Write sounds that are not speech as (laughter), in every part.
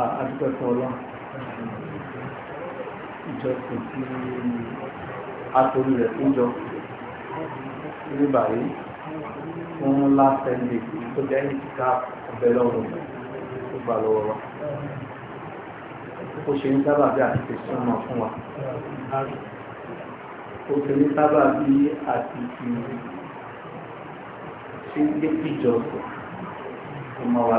àdúgbò fún ọlọ́run ìjọsìn tí atorí rẹ̀ tó jọ ní báyìí fún láfẹ́ndé tó jẹ́ ìtìká ọ̀bẹ lọ́rùn tó gbà lọ́wọ́ wa ó ṣe ń sábà bí àti fi súnmọ́ fún wa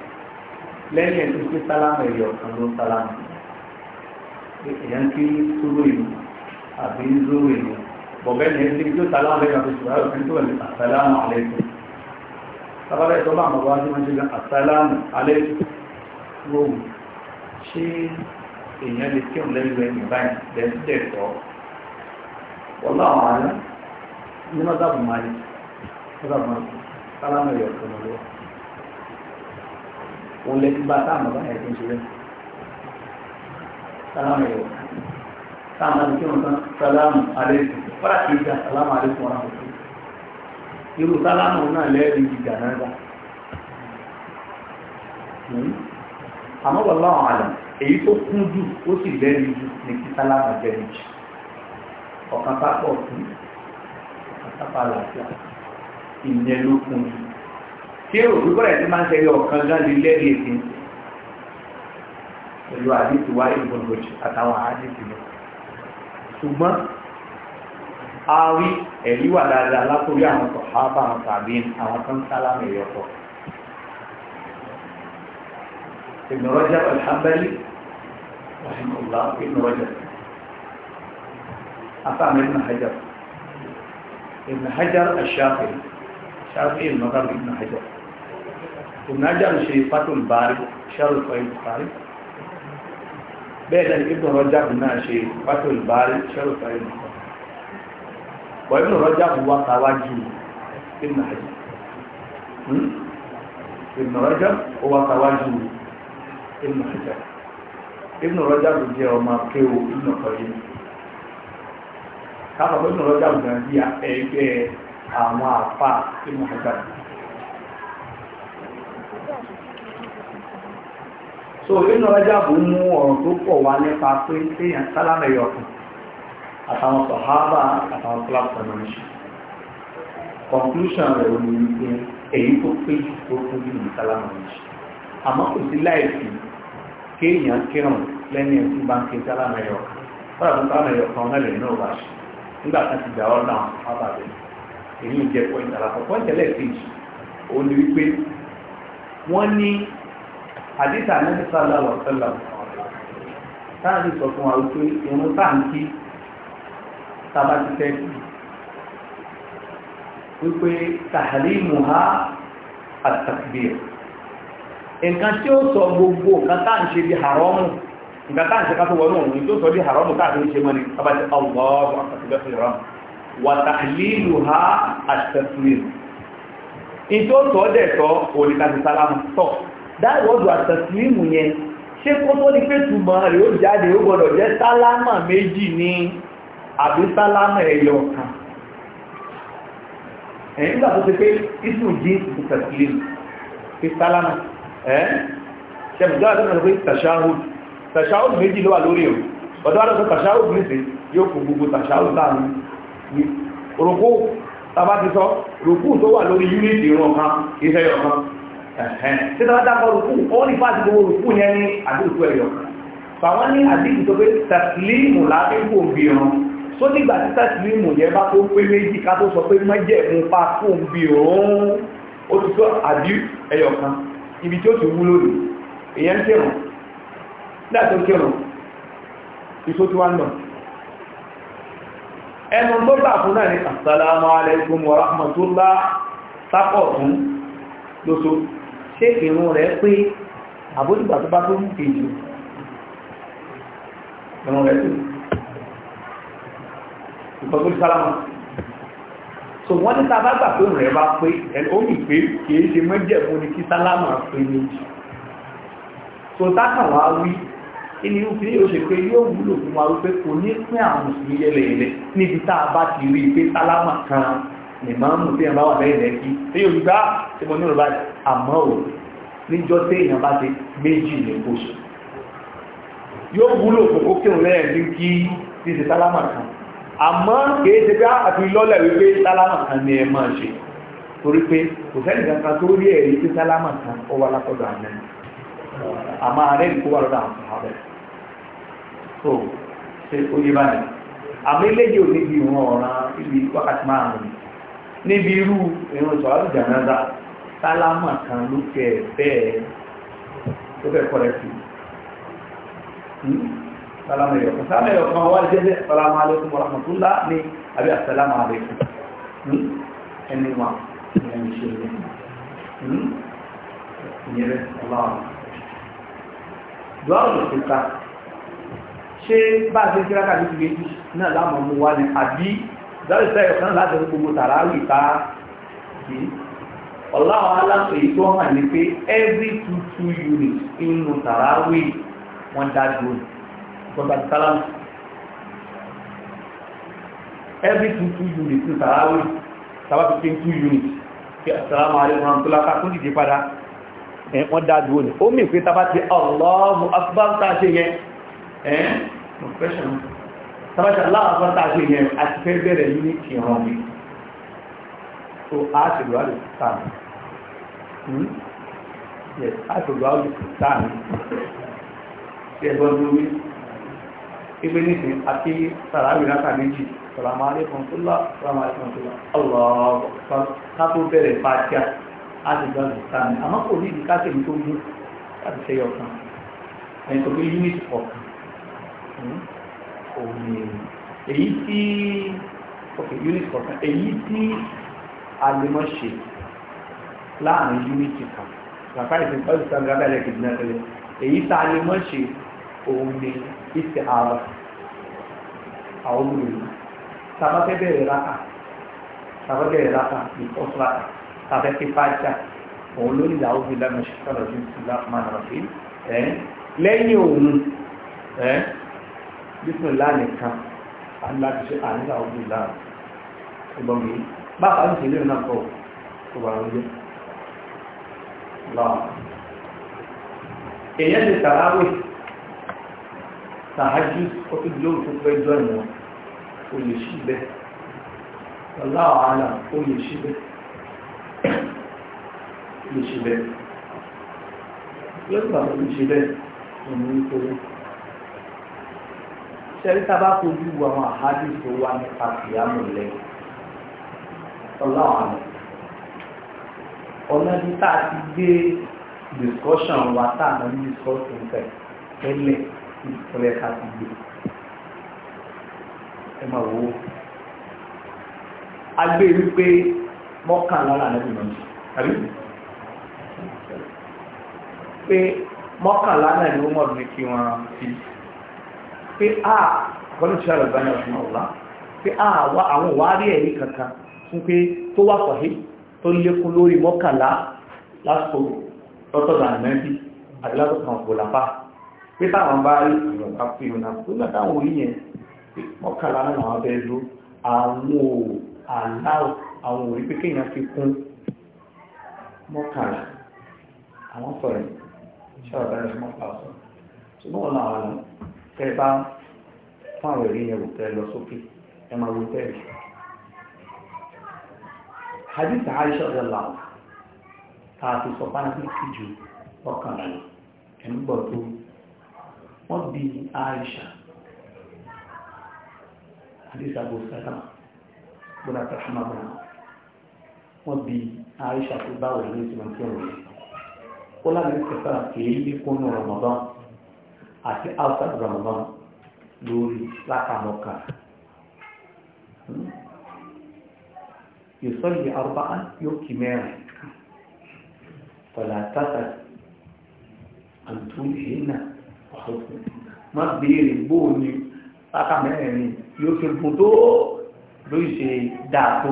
lẹ́yìn ẹ̀sìn sí sálámù ẹ̀yọ̀ kan ló sálámù èèyàn kí túró ìlú àbí zóró ìlú bọ̀bẹ́ ní ẹni tó sálámù ẹ̀yọ̀ àti ṣùgbọ́n ẹ̀sìn tó ẹ̀sìn àsálámù alẹ́kùn sábàbá ẹ̀tọ́ bá àwọn wájú wọn ṣe gan àsálámù alẹ́kùn róòmù ṣé èèyàn lè kí òun lẹ́yìn ẹ̀yìn báyìí lẹ́sídẹ̀ tọ́ wọ́lá àwọn ará ní mọ́tàbù máa ní mọ́tàbù máa sálámù òun lè ti bá táàmù bá ẹ̀ ti ń ṣeré sálámù ẹ̀yọ sáàmù àti kí wọn tán sálámù àlẹ́sì wọ́n àti ìjà sálámù àlẹ́sì wọn àwọn òṣèlú irú sálámù náà lẹ́ẹ̀rí ìjà náà gbà hmm? àmọ́ wọ́n láwọn àlà èyí tó kún jù ó sì lẹ́ẹ̀rí jù ní kí sálámù jẹ́ méjì ọ̀kan pápá ọ̀tún ọ̀kan pápá àlàáfíà ìyẹn ló kún jù tí èrò púpọ̀ rẹ̀ ti máa ń ṣẹlẹ̀ ọ̀kan gan lè lẹ́rìí èsì pẹ̀lú àdìsí wáyé ìgbọ̀ngbọ̀jù àtàwọn àdìsí lọ ṣùgbọ́n àwí ẹ̀rí wà dáadáa látòrí àwọn sọ̀hábà àwọn tàbí àwọn tó ń sálámù ẹ̀yọ̀pọ̀ Ibn Rajab al-Hanbali rahimahullah Ibn Rajab afáàmì Ibn Hajar Ibn Hajar al-Shafi'i Shafi'i ìnájà ń ṣe fatul bari sharul fayyid bari bẹ́ẹ̀ lẹ́nu ibn rajab náà ṣe fatul bari sharul fayyid bari wọ́n ibn rajab wá káwájú ibn hajj hmm? ibn rajab ó wá káwájú ibn hajj ibn rajab jẹ́ ọmọ kéwò ibn qayyim káfọ́ ibn rajab gan bí ẹgbẹ́ àwọn àfa ibn hajj so inú ọjà bò mú ọ̀rọ̀ tó pọ̀ wá nípa pé téèyàn sálámà ẹ̀yọ̀ kan àtàwọn sọ̀hábà àtàwọn kíláàsì conclusion rẹ̀ ni wípé èyí tó pé jù tó kú jù ní sálámà ìṣe àmọ́ kò sí láìsí kéèyàn kírun lẹ́ni ẹ̀sí bá ń ké sálámà ẹ̀yọ̀ kan fọ́nà tó sálámà ẹ̀yọ̀ kan náà lè náà wá sí nígbà tá ti gbà ọ́ náà sábà rẹ̀ èyí ń jẹ́ pọ́ìntì àdìsá níbi sálà lọ́sẹ̀lá táàbì sọ fún wa wípé irun táǹkì tábà ti fẹ́ kí wípé tàhálí muha àtàkìbìyà nǹkan tí ó sọ gbogbo nǹkan táǹṣe di haramu nǹkan táǹṣe ká tó wọnú òun tó sọ di haramu káàkiri ṣe mọ́ni tábà ti allahu àtàkìbìyà fi haramu wà tàhálí muha àtàkìbìyà dáwọ́dù àtẹ̀sílímù yẹn ṣé kó tó ní pé túmọ̀ rẹ̀ ó jáde ó gbọ́dọ̀ jẹ́ sálámà méjì ní àbí sálámà ẹ̀yọ kan ẹ̀yìn nígbà tó ṣe pé ismu jí tẹ̀sílímù fi sálámà ẹ̀ ṣẹ̀mùdáwà tó mẹ́rin pé tàṣáhùd tàṣáhùd méjì ló wà lórí ọ̀ ọ̀dọ́ àdọ́sọ tàṣáhùd nìsín yóò kò gbogbo tàṣáhùd láàrin rògbò tàbá ti sọ rògbò tó wà lórí yúnítì ìran kan iṣẹ́ ọ̀kan tí tọ́wọ́ dákọ̀ rùkú ó ní fásitì gbogbo rùkú yẹn ní àdúgbò ẹ̀yọ̀ fàwọn ní àdíkù tó pé tàtìlímù lábẹ́gbò bí wọn tó nígbà tí tàtìlímù yẹn bá tó pé méjì ká tó sọ pé mọ́jẹ̀mú pa fún bí òun ó ti tó àdí ẹ̀yọ̀ kan ibi tí ó ti wúlò ní èyàn kírùn nígbà tó kírùn ìṣó tí wọ́n lọ ẹnu tó gbà fún náà ní assalamu wa rahmatullah sápọ̀ fún lóṣooṣù ṣé ìrun rẹ̀ pé àbójúgbà tó bá tó ń pè jù ìrun rẹ̀ pé ìgbọ́gbó sálámà so wọ́n ní sábà gbà pé rẹ̀ bá pé ẹ̀lómi pé kìí ṣe mọ́jẹ̀mú ni kí sálámà pé méjì so tákàwá wí inú ìwúkí ní oṣù pé yóò wúlò fún wa wípé kò ní pín àwọn mùsùlùmí yẹlẹyẹlẹ níbi tá a bá ti rí i pé sálámà kan ìmáàmù tí èèyàn bá wà lẹ́yìn lẹ́kí tí yóò gbá tí mo nílò báyìí àmọ́ ò níjọ́ tí èèyàn bá ti méjì lè kóṣù yóò wúlò kòkó kí òun lẹ́yìn ní kí ti ṣe tálámà kan àmọ́ kìí ṣe pé àfi lọ́lẹ̀ wípé tálámà kan ni ẹ máa ṣe torí pé kò sẹ́ni kankan tó rí ẹ̀rí pé tálámà kan ó wà látọ̀dọ̀ àná àmọ́ ààrẹ ìkó wà lọ́dọ̀ àwọn ààrẹ tó ṣe ó yé báyìí àmọ́ eléyìí ò bí ìwọ̀n ọ̀ràn ibi wákàtí márùn-ún níbi irú ìrun ìṣọ̀rọ̀ jàǹdà sálámà kan ló tẹ̀ bẹ́ẹ̀ tó fẹ́ kọ́rẹ́tì hmm? sálámà ẹ̀yọ̀kan sálámà ẹ̀yọ̀kan wá jẹ́ sálámà alẹ́kùn mọ̀ràmọ̀túnlá ní àbí àsálámà alẹ́kùn hmm? ẹni wà ẹni ṣe hmm? ìyẹrẹ ọlọ́run dùárùn ìpínká ṣé bá a ṣe kíráka ní ti méjì náà láàmú wá ní àbí láti sẹ́ ẹ̀kan láti rí gbogbo tàràwì ká sí ọláwọ̀ aláǹkó èyí tó hàn ní pé every two two units inú tàràwì wọ́n dá dúró gbọ́dọ̀ sálámù every two two units inú tàràwì sábàbí pé two units kí asalaamu alaykum wa rahmatulah ká tún dìde padà wọ́n dá dúró ni ó mì pé tábà ti Allahu akbar tá a ṣe yẹn ẹ̀ professional tọ́bátà láàpọ̀ tàbí yẹn àti fẹ́ bẹ̀rẹ̀ ní ìran mi so a ti lọ àlè sáàmì yes a ti lọ àlè sáàmì tí ẹgbọ́n ló wí ibi nísìn àti sàràwì náà méjì sàràmà alẹ́kùn tó lá sàràmà alẹ́kùn tó lá ọlọ́ọ̀ọ́ ká tó bẹ̀rẹ̀ fàájà a ti lọ àlè sáàmì àmọ́ kò ní òun ni èyí tí ok unit kọ̀ọ̀kan èyí tí a lè mọ́ ṣe láàrin unit kan bàbá ìsìn ọdún sáà nígbà bẹ́ẹ̀ kejì náà tẹ́lẹ̀ èyí tá a lè mọ́ ṣe òun ni ìsìn ààrọ̀ àwọn olùrìn tàbátẹ́ bẹ̀rẹ̀ rákà tàbátẹ́ bẹ̀rẹ̀ rákà ní ọ̀sùn rákà tàbátẹ́ fàájà òun ló nílà ó fi lẹ́nu ṣe kọ́lọ̀ sí ìlú láti máa nà sí lẹ́yìn òun bísùn láàrin kan aláti ṣe ànílà ọdún láàrin ọgbọ̀n mi bá a ń náà kọ́ kó wà ń yẹ láàrin èyàn ti tàràwì tàájú ó ti tó pẹ́ jọ ìwọ̀n ó lè ṣí bẹ́ẹ̀ ọláwọ̀ ó lè ṣí bẹ́ẹ̀ lè ṣí bẹ́ẹ̀ lọ́gbà ó ṣí bẹ́ẹ̀ òun ní sẹ́rí tá a bá fojú wo àwọn àhádì tó wá nípa ìyáàmù lẹ̀ ọláwọn àmì ọ̀nà ibi tá a ti gbé discussion wa tá a máa ń discuss nǹkan tẹ́lẹ̀ ìpínlẹ̀ ká ti gbé ẹ máa wò ó a gbé e wípé mọ́kànlá là lẹ́nu náà àbí pé mọ́kànlá náà ni ó mọ̀ ní kí wọ́n fi pé a wọ́n ti ṣàrọ̀ ìbáyà ọ̀sán ọ̀la pé ah, a wá àwọn ìwárí ẹ̀rí kankan fún pé tó wà pàdé tó lékún lórí mọ́kànlá lásìkò lọ́tọ̀dà àmẹ́bí àti lásìkò àwọn òbòlápá pé táwọn bá rí àwọn ọ̀gá pé òun náà tó náà táwọn orí yẹn mọ́kànlá náà wọ́n bẹ́ẹ̀ ló àwọn ò aláwọ̀ àwọn orí mọ́kànlá ọ̀sán ọ̀la ṣùgbọ́n wọn náà tẹ́ ẹ bá fún àwọn ẹ̀rí yẹn rò tẹ́ ẹ lọ sókè ẹ máa wo tẹ́ẹ̀lì. hadith aisha ọ̀dọ̀ làwọn tá a ti sọ fáńtì sí ju ọkànlá lọ ẹ̀ ń gbọ́ tó wọ́n bí aisha hadith abu salama bọ́lá tàṣímà bọ́lá wọ́n bí aisha tó báwọ̀ ní ìsìnkú ọ̀rọ̀ ó lábẹ́ kẹfà kìí bí kúnnú ramadan àti outside Ramadan lórí lákàmọ́kà hmm? yòsọ́lì arúgbá yóò kì mẹ́rin fọ̀làtàtà àtúnṣínà ọ̀sọ̀tún má béèrè bóò ni lákàmẹ́rin yóò fi gùn tó lórí ṣe dáàtó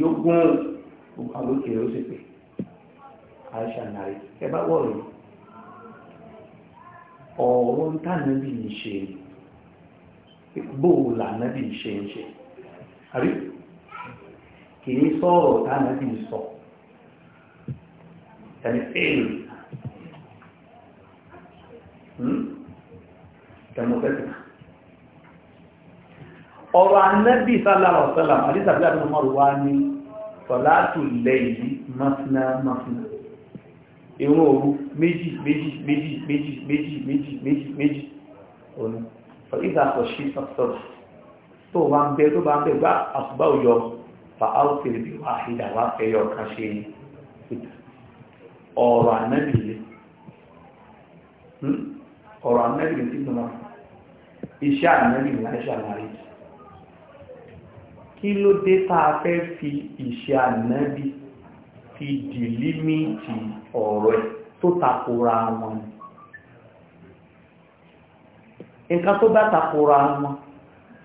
yóò gún ògbà lókè ó sì pé àìsàn náà ẹ bá wọ̀rọ̀ yìí ọ̀rọ̀ tánàbí ń ṣe bóòlà náàbí ṣe ń ṣe àrí kìí sọ̀rọ̀ tánàbí sọ tàbí fèèrè tẹmọ̀fẹ́tì ọ̀rọ̀ anábì sálàrọ̀ sálàm àdísàbí àdínàmọ́rùwá ní sọ̀látù lẹ́yìn mọ́sánà mọ́sánà ìrun òru méjì méjì méjì méjì méjì méjì méjì méjì òní ìgbà àkọ̀ṣí sọ̀tọ̀rọ̀ tó bá ń bẹ tó bá ń bẹ gbá àsùbá òyọ fa áùtìrì bí wà ìdà wá fẹyọ kan ṣe ọ̀rọ̀ ànábìlẹ̀ hmm? ọ̀rọ̀ ànábìlẹ̀ tí mo máa iṣẹ́ ànábìlẹ̀ láì ṣàlàyé kí ló dé tá a fẹ́ fi ìṣe ànábìlẹ̀ ti dìlímìtì ọ̀rọ̀ ẹ̀ tó takora wọn nǹkan tó bá takora wọn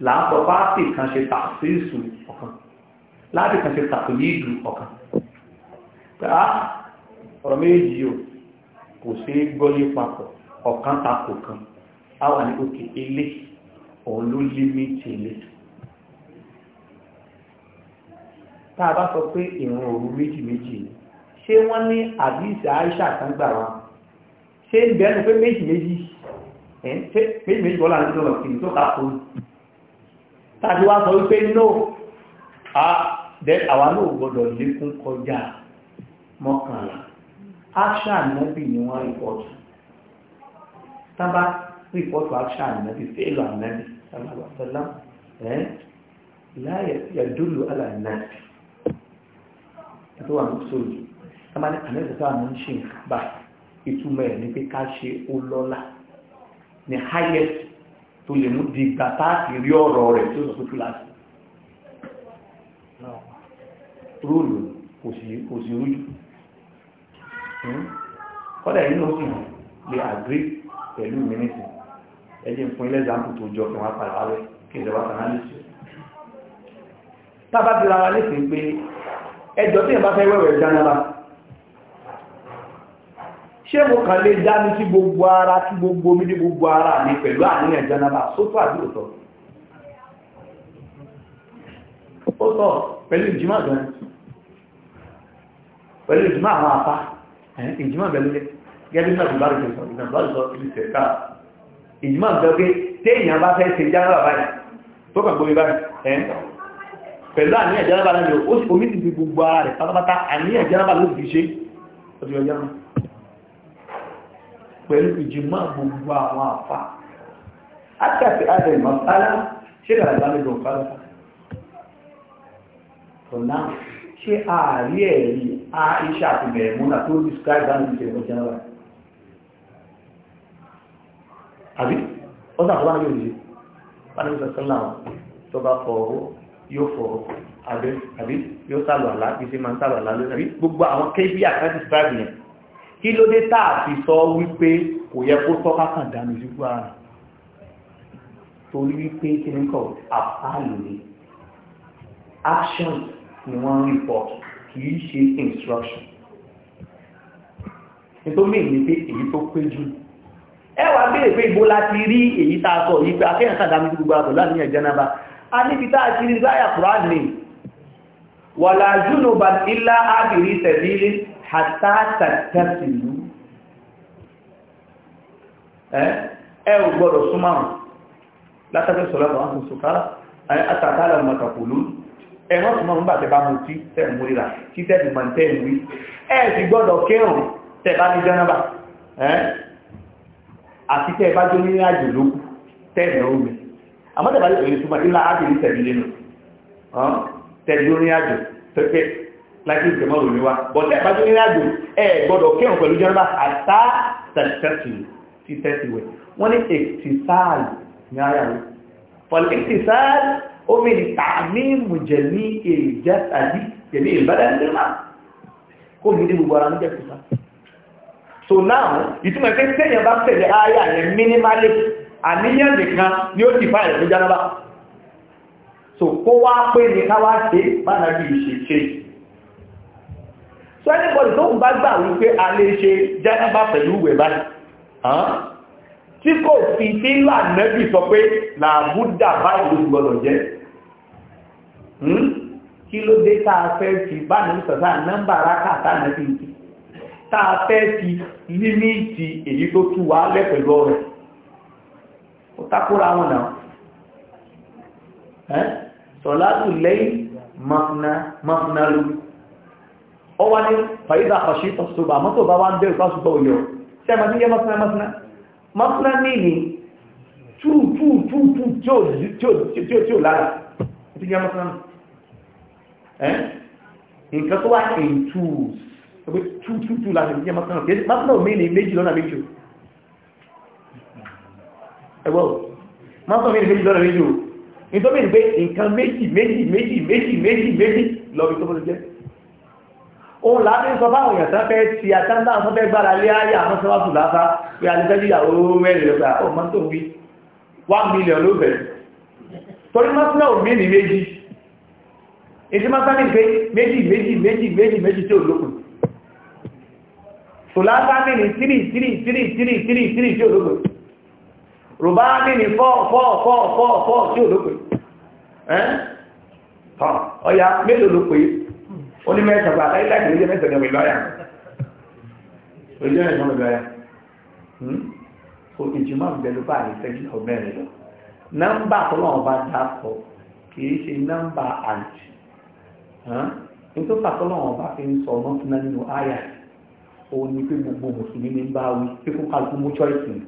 láàpọ̀ pàtì kan ṣe tàṣíṣù ọ̀kan láti kan ṣe tàṣíṣù ọ̀kan pẹ̀lá ọ̀rọ̀ méjì o kò sí gbọ́yé papọ̀ ọ̀kan takò kan a wà ní òkè ilé òun ló límìtì ilé tá a bá sọ pé ìrun òru méjì méjì ni ṣé wọ́n ní àdíìsì Aisha kan gbà wá ṣé ń bẹ́ẹ̀ ni pé méjì méjì ẹ̀ ṣé méjì méjì bọ́lá ní ìjọba kìí tó kàá fún tàbí wá sọ wípé no a dẹ àwa náà gbọdọ̀ lékún kọjá mọ́kànlá Aisha nẹ́bì ni wọ́n rìpọ́tù tábà rìpọ́tù Aisha nẹ́bì fẹ́lú ànẹ́bì sábà wà sọ́lá ẹ̀ láyẹ̀ yàdúlù alànẹ́bì tó wà ní sóòjì ẹ máa ní àmẹ́sẹ̀ tó àwọn ń ṣe bá ìtumọ̀ ẹ̀ ní pé ká ṣe ó lọ́lá ní highest tó lè mú di gbà táàkì rí ọ̀rọ̀ rẹ̀ tó sọ hmm? fún kíláàsì róòlù kò sí rújú kọ́dà yìí ló sì lè àgbé pẹ̀lú mínísì ẹjẹ́ fún ilé ìjàmpù tó jọ fún apàlàwẹ́ kí ìjọba kan á lè ṣe tábàbí lè fi pé ẹjọ́ tí ìbá fẹ́ wẹ̀wẹ̀ jánàbá ṣé mo kàn lè dá mi sí gbogbo ara sí gbogbo mi ní gbogbo ara mi pẹ̀lú àníyàn jánàbá sótó àbí òtọ́ ó tọ́ pẹ̀lú ìjímọ̀ gan pẹ̀lú ìjímọ̀ àwọn apá ìjímọ̀ pẹ̀lú gẹ́gẹ́ náà bùbá rẹ̀ sọ ìjọba sọ ìlú sẹ̀ká ìjímọ̀ gan pé téèyàn bá fẹ́ ṣe jánàbá báyìí tó pẹ̀lú àníyàn jẹ́nàbà náà ó sì omi ti fi gbogbo ara rẹ̀ pátápátá àníyàn jẹ́nàbà ló fi ṣe ọdún ọjọ́ náà pẹ̀lú ìjìmọ́ gbogbo àwọn àfà àtàfi àdẹ̀ ìmọ̀sálá ṣe dàrà lálejò fálá ọ̀nà ṣe ààrí ẹ̀rí àìṣà àti mẹ̀múnà tó describe that in the general yóò fọ àbí yóò sálọ àlá bí ṣe máa ń sálọ àlá lónìí àbí gbogbo àwọn kébí àkáǹtì síbáàbì yẹn kí ló dé tá a fi sọ wípé kò yẹ kó tọ́ kákan dànù síkú ara rẹ̀ torí wípé kí ni kọ́ àpáàlù action ni wọ́n ń report kì í ṣe instruction nítorí èyí pé èyí tó pé jù ẹ wá béèrè pé ibo láti rí èyí tá a sọ yìí pé akẹ́yàn sàdámi gbogbo àbọ̀ láàrin ẹ̀jẹ̀ náà a níbi tá àti ìzáyà Kùránì ní wà láàájúnù bá ilá ábìrí tẹ̀lílé àtàtàtàtìlú ẹ ò gbọ́dọ̀ súnmọ́rùn látàfẹ́ sọ́lọ́pàá wọn sọ́kárá àtàtàlà mọ̀tàkùlú ẹ̀rọ súnmọ́rùn bá tẹ bá mú tí tẹ́ múrira tí tẹ́ ti mọ̀ tẹ́ wí ẹ ti gbọ́dọ̀ àmọ́ tẹ̀bá lè pèlè súnmọ́ ilá ábìrì tẹ̀lé nù tẹ̀lé orin àjò pẹ́pẹ́ láti ìjẹmọ́ òní wa bọ̀ tẹ̀bá tó orin àjò ẹ gbọ́dọ̀ kẹ́hùn pẹ̀lú jẹ́nàbà àtà tẹ̀tẹ̀tì ti tẹ̀tì wẹ̀ wọ́n ní ètìsáàlì ní ara rẹ̀ pọ̀lì ètìsáàlì ó mi ní tààmì so now ìtumọ̀ pé sẹ́yìn bá tẹ̀lé ayé àníyàn nìkan ni ó ti bá ẹ̀rọ jánábà so kó wá pé ní káwá ṣe bánà bí ṣe ṣe so anybody tó ń bá gbà wípé a lè ṣe jánábà pẹ̀lú ìwẹ̀ báyìí tí kò fi tí lànẹ́bì sọ pé làbúdà báyìí ló gbọdọ̀ jẹ́ kí ló dé tá a fẹ́ fi báyìí sọ̀tà nọ́mbà rákàtà tá a fẹ́ fi límìtì èyí tó tú wa lẹ́ takora wọn náà ẹ́ sọ̀látù lẹ́yìn mọ́fúnná mọ́fúnná ló ọ wá ní fàyídà kọ̀ṣí tọ́sọ̀bà mọ́tò bá wá ń bẹ̀rù fásùgbọ́ òyò tí a máa ti yẹ mọ́fúnná mọ́fúnná mọ́fúnná ní ní túùtúùtúù tí ó lára ti yẹ mọ́fúnná ẹ́ nǹkan tó wá kìí túù túùtúù láti yẹ mọ́fúnná kìí mọ́fúnná ò ẹgbọ́ mọ́tọ̀ mi ní méjì lọ́rọ̀ méjì o ní tó mẹ́rin pé nǹkan méjì méjì méjì méjì méjì méjì lọ́bí tó bọ́lọ́ jẹ́ òun láti sọ fáwọn èèyàn tán fẹ́ ti àtàndà àwọn fẹ́ gbára lé ayé àwọn sọ́wọ́sù láfá pé alẹ́fẹ́jú ìyàwó mẹ́rin lọ́gbà ọmọ ah, tó wí 1 million ló bẹ̀rẹ̀ torí mọ́sánà ò mí ní méjì ètí mọ́sánà ní pé méjì méjì méjì méjì méjì tí ò lókùn tòlásánà ní 3 3 3 3 3 3 tí ò lókùn rùbáàbí ni fọ́ọ̀fọ́ọ̀fọ́ọ̀fọ́ tí ò ló pè ẹ́n mélòó ló pè ó ní láti ilé ìwé lọ́yà bá lọ nọ́mbà tó lọ́wọ́ bá dákọ̀ kìí ṣe nọ́mbà nítorí pàtó lọ́wọ́ bá fi ń sọ ọmọ nínú àyà pé gbogbo mùsùlùmí bá wí pé kó kálukú mú choice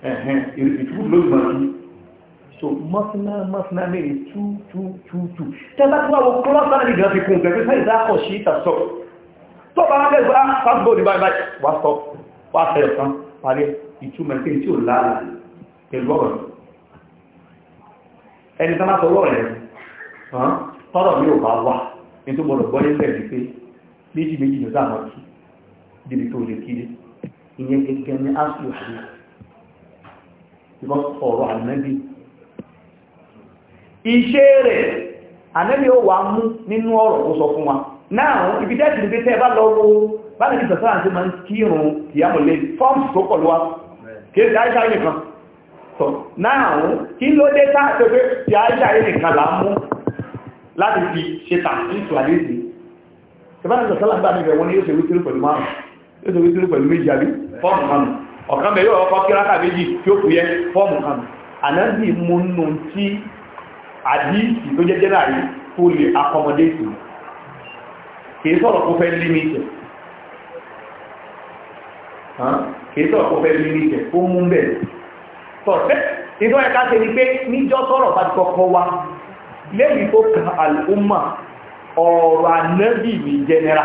ìtukù ló mọ̀ sí so mọ́sánà mọ́sánà mẹ́rin tú tú tú tú tẹ́bá tó wà wọ́n kọ́lọ́sán ní ìgbà fi kún gẹ̀gẹ́ sẹ́yìn dákọ̀ sí ìtàṣọ́ tó bá rẹ̀ gbá fásbọ̀ ní báyìí wá sọ wá fẹ́ ah, ọ̀kan parí ìtumọ̀ pé tí ò láàrẹ̀ pẹ̀lú ọ̀rọ̀ ẹni tán láti ọwọ́ rẹ̀ tọ́rọ̀ ní òbá wà ní tó gbọ́dọ̀ gbọ́dọ̀ bẹ̀rẹ̀ ní pé méjì méjì kiri ìyẹn gẹ́gẹ́ ní áṣù lọ sọ̀rọ̀ ànábì iṣẹ́ rẹ̀ ànábì ó wà mú nínú ọ̀rọ̀ ó sọ fún wa náà ibi tẹ́sì níbi tẹ́ bá lọ wo bá lè sọ sáà tí ma ń kírun ìyàmọ̀lẹ́ fọ́ọ̀mù tó pọ̀lú wa kéèkì àìsà nìkan tọ̀ náà kí ló dé táàtẹ́ pé ti àìsà nìkan là mú láti fi ṣe tàbíkù àdéhìí tẹ́bá lè sọ sáà ọ̀kan bẹ̀ yóò ọkọ̀ kíráka méjì tí ó fúyẹ́ fọ́ọ̀mù kan ànábì mú nù tí àdíìsì tó jẹ́ jẹ́nàrí tó lè akọmọdéètì kìí sọ̀rọ̀ kó fẹ́ límítẹ̀ kìí sọ̀rọ̀ kó fẹ́ límítẹ̀ ó mú bẹ̀rẹ̀ tọ̀tẹ́ ìtọ́ ẹ̀ká ṣe ni pé níjọ́ sọ̀rọ̀ bá ti kọ́kọ́ wá lẹ́yìn tó ka àlùmà ọ̀rọ̀ ànábì ní jẹ́nẹ́rà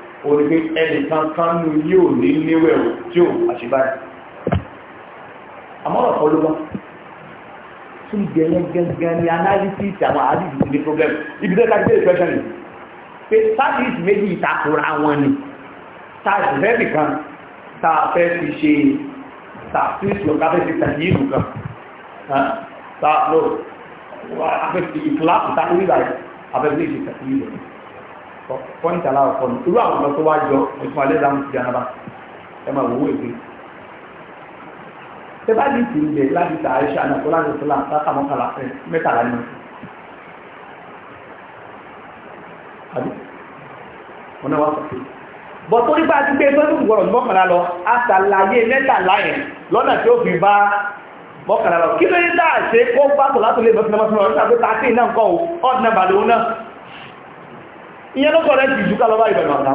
onígbé ẹnìkan kánú yóò ní níwẹ̀ tí ó àṣìbáyé àmọ́rọ̀ kọ́ ló bá tí gẹ̀yẹ́ gẹ́gẹ́ ní analysis àwọn àdìsí ti ní problem ibi tẹ́ta gbé ìfẹ́ṣẹ́ ni pé sáàdìsí méjì ìtakùra wọn ni sáàdìsẹ́bì kan tààfẹ́ fi ṣe tààfíìsì ọ̀káfẹ́ fi tààfí ìlú kan tààfẹ́ fi ìfúláàpù tààfí ìlú pọ́ǹtì aláwọ̀kọ́ ni irú àwọn ọmọ tó wá jọ ẹ̀fún alẹ́ dáhùn sí janaba ẹ máa wòwó èké tẹ bá di tìǹ bẹ láti ta àìsàn àná kọlá ní sọlá látà mọ́kànlá ẹ mẹ́tàlá ni àbí wọn náà wá sọ pé bọ́tò nípa ti gbé fẹ́ e fún gbọ́dọ̀ mọ́kànlá lọ àtàlàyé mẹ́tàlá yẹn lọ́nà tí ó fi bá mọ́kànlá lọ kí ló dé dáa ṣe kó bá tọ̀ látọ̀ lé mọ́tò náà mọ́tò náà ìyẹn ló kọ̀rẹ́ ti jùkà lọ́wọ́ ìbẹ̀rẹ̀ ọ̀nà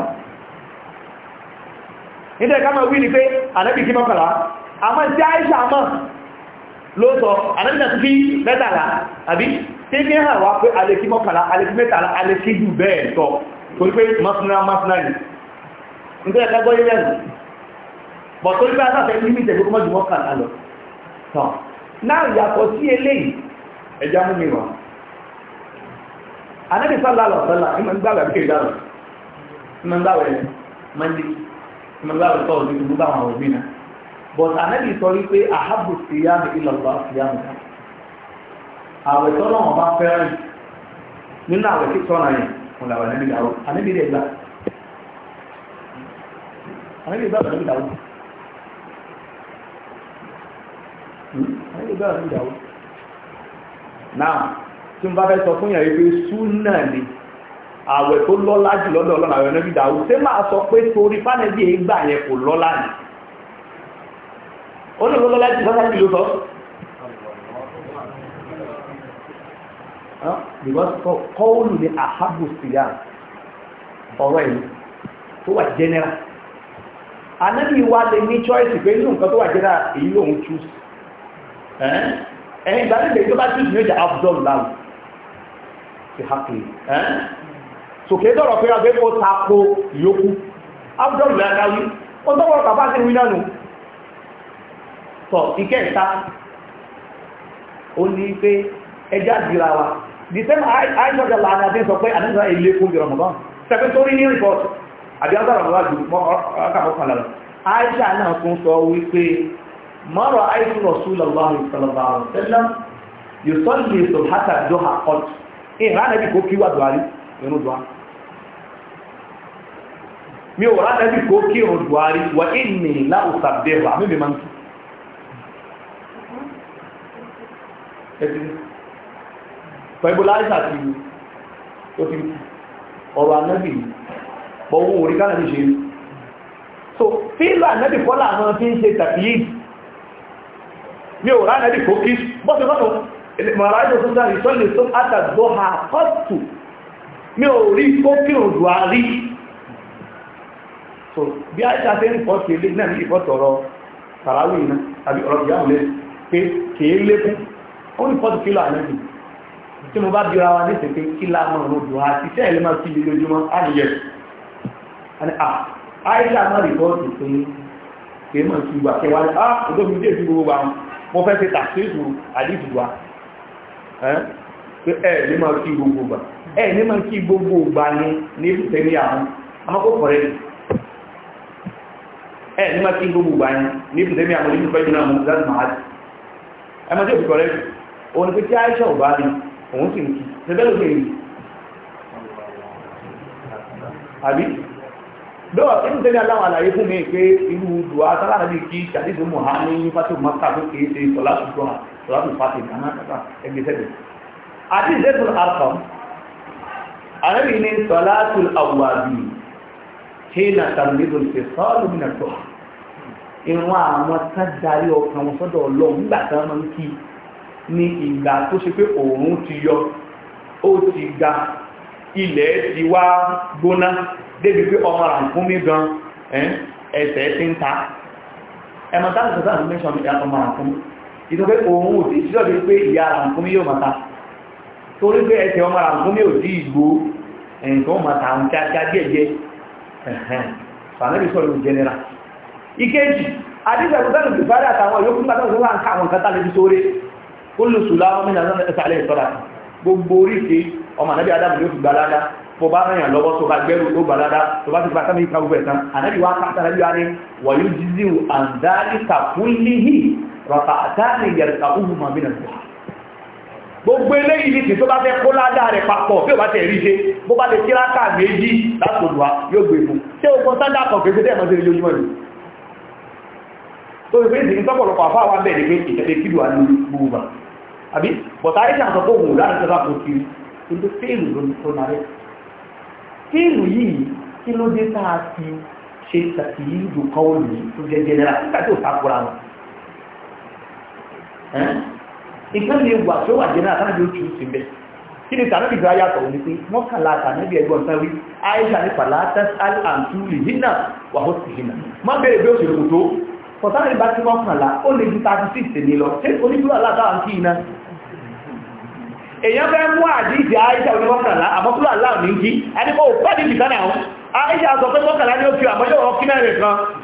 nídẹ̀ ká máa wí ní pé ànábì kí mọ́kànlá àmọ́ tí àìṣà mọ́ ló sọ ànábì náà fi mẹ́tàlá àbí tí fi hàn wá pé alẹ́kí mọ́kànlá alẹ́kí mẹ́tàlá alẹ́kí jù bẹ́ẹ̀ tọ́ torí pé mọ́sánà mọ́sánà ni nítorí ẹ̀ká gbọ́ yẹ́ lẹ́nu bọ̀ torí pé asáfẹ́ ní mítẹ̀ gbogbo mọ́jú mọ́kànlá lọ náà yàtọ̀ sí eléyìí ẹjá mú mi rọ̀ anábì sálàlọ̀ sálà ìmọ̀gbàwẹ̀ àbíkèrè dáàrùn ìmọ̀gbàwẹ̀ mọ́ndé ìmọ̀gbàwẹ̀ tọ́ òní ìgbúgbà àwọn òbí náà but anábì sọ wípé àhábù síyáàmù ìlọ̀lọ́ síyáàmù náà àwẹ̀ tọ́lọ́ wọn bá fẹ́ràn nínú àwẹ̀ tí tọ́nà yẹn wọn làwẹ̀ anábì dàrú anábì rẹ̀ gbà anábì gbà anábì dàrú hmm? anábì gbà anábì dàrú náà tí mo bá fẹ́ sọ fún yàn wípé súnà ni àwẹ̀ tó lọ́lá jù lọ́dọ̀ ọlọ́run àwẹ̀ náà dàwù ṣé máa sọ pé torí fánẹ́bí ìgbà yẹn kò lọ́lá ni ó ní lọ́lá jù lọ́lá jù ló sọ. kọ́ọ̀lù ni àhábù síyá ọ̀rọ̀ ìlú tó wà jẹ́nẹ́rà anábì wa lè ní choice pé inú nǹkan tó wà jẹ́nẹ́rà èyí lòun choose ẹ̀yìn ìgbàlẹ́gbẹ̀ẹ́ tó bá choose ní ọjà abdul fi hapun ẹ́ sòkè dọ̀rọ̀ pé agbé ó tako ìyókù abdul lakawi ó tọ́wọ́ bàbá sí wí nánu tọ̀ ìkẹta ó ní pé ẹjá jìra wa the same àìsọ́jà láàrin adé sọ pé àdínsà ilé fún ìrọ̀ mọ̀gán sẹ́fẹ́ tó rí ní report àbí ọ́sàrọ̀ mọ́lá jù mọ́ ọkàmọ́kànlá lọ àìsà náà tún sọ wípé mọ́rọ̀ àìsù rọ̀ súlọ̀ lọ́rùn sọ̀lọ̀ bàrùn tẹ́lẹ̀ yóò sọ́lẹ̀ ìhàn eh, ẹbí kó kí wà dùwárí inú dùwá mi ò rán ẹbí kó kí irun dùwárí wà ìní láòsàbẹ̀wà mímí máa ń kí ẹtì pẹ̀bùláìsà ti ó ti ọ̀rọ̀ ànábì bọ̀wọ́ orí kánàbì ṣe rí so fílù ànábì kọ́lá àwọn tí ń ṣe tàbí yìí mi ò rán ẹbí kó kí bọ́sẹ̀ bọ́sẹ̀ màrájò tó sáré sọ́lẹ̀ tó àtàgbọ́ àkọ́tù mi ò rí kókè òdò àrí so bí a ṣe fẹ́ rìpọ́tì ilé náà ní ìpọ́tì ọ̀rọ̀ sàráwì iná tàbí ọ̀rọ̀ ìyáwùlé pé kèé lékún ó ní pọ́tì kílò àlẹ́bì tí mo bá bí ra wa ní ṣe pé kí lámọ̀ òdò àti iṣẹ́ ilé máa kíbi lójúmọ́ àníyẹ àìsà ah, máa rìpọ́tì pé mọ̀ sí ìgbà kẹwàá ah ọdọ́ dé ìdí gbogbo àwọn mo fẹ́ ṣe tàṣíṣù àdìsùgbà ẹ̀ ní máa kí gbogbo gbà ẹ̀ ní máa kí gbogbo gbà ní ní ìfẹ́ ní àwọn amákòkò rẹ̀ ẹ̀ ní máa kí gbogbo gbà ní ní ìfẹ́ ní àwọn onífẹ́ jùlọ àwọn ìdájú máa jù ẹ máa tí òkú kọ̀rẹ́ òun pé tí Aisha ò bá rí òun sì ń kí ṣẹbẹ́ ló fẹ́ rí àbí lọ́wọ́ inú tẹ́lẹ̀ aláwọ̀ àlàyé fún mi pé irú dùá sálára bí kí ṣàdídùn mọ̀hání fásitì mọ́ta tó kéé ṣe ṣùgbọ́n sọ́látù fàtí kaná kàtà ẹgbẹ̀sẹ̀gbẹ̀ àti ìzẹ́tùl arkam àrẹ́bì ní sọ́látù àwàbí ṣe na tàbílìdùn ṣe sọ́ọ̀lù mìnà tó ìwọ̀n àwọn tàjárí ọkàn wọn sọ́dọ̀ ọlọ́run nígbà tí wọ́n kí ní ìgbà tó ṣe pé òòrùn ti yọ ó ti ga ilẹ̀ ti wá gbóná débi pé ọmọ ràǹkúnmí gan ẹsẹ̀ ti ń ta ẹmọ táàkì sọ́dọ̀ àti mẹ́ṣọ́ ọmọ ràǹkúnmí ìtọ́pẹ́ òun ò sí sílọ́bí pé ìyá àràǹkúnmí yóò mata torí pé ẹsẹ̀ ọmọ àràǹkúnmí ò sí ìgbó ẹ̀ǹkan mata ń kíákíá díẹ̀jẹ́ fàánẹ́bí sọ̀rọ̀ jẹnẹra ìkejì adígbàgbọ́sọ̀rọ̀ ìfàdà àtàwọn yóò fún pàtàkì wà ń ká àwọn kátà lójú sóre ó lò sùlá ọmọ ìlànà ẹsàlẹ̀ ìtọ́ra gbogbo oríṣi ọmọ ànábì adámu yóò fi gbà ládá bó bá rìn lọ́wọ́ tó bá gbẹ́rù tó gbà ládá tó bá ti gbà sámi ìka rọ̀tàtàní yẹ̀rẹ̀kàúhùmọ̀ mí nàìjíríà gbogbo eléyìí ní ti tó bá fẹ́ kó ládá rẹ̀ papọ̀ bí o bá tẹ̀ rí ṣe bó bá lè tíráká méjì látòlúwà yóò gbé fún tí o kọ́ sáńdà kan fèsì tẹ́ ẹ̀mọ́sí lójúmọ́ rẹ̀ tó ìfẹ́ ìsìn tọ́pọ̀lọpọ̀ àfáwà bẹ̀rẹ̀ pé ìṣẹ̀lẹ̀ kílù wà ní gbogbo bá àbí bọ̀tà àìsàn àtọ́kọ̀ òun láti sọ́kà kò kiri nítorí tó náà rẹ̀ jẹ́ jẹ́nẹ́rà nígbà tí ò nǹkan lè wà tó wà jẹ́nà àtàrí ó tún sí bẹ́ kí ni tàbí ìgbà yàtọ̀ ní pé wọ́n kà láta níbi ẹgbọ́n tán rí àìsà ní pàlátà àǹtú lè hínà wà ó sì hínà má bẹ̀rẹ̀ bí ó ṣe kòtó pọ̀tánà ìbá tí wọ́n kànlá ó lè ju 36 ní lọ tí onídúrà láta àǹtí iná èèyàn fẹ́ mú àdíjì àìsà oníwọ́kànlá àmọ́kúrò aláwọ̀ ní kí adíkọ̀ òpá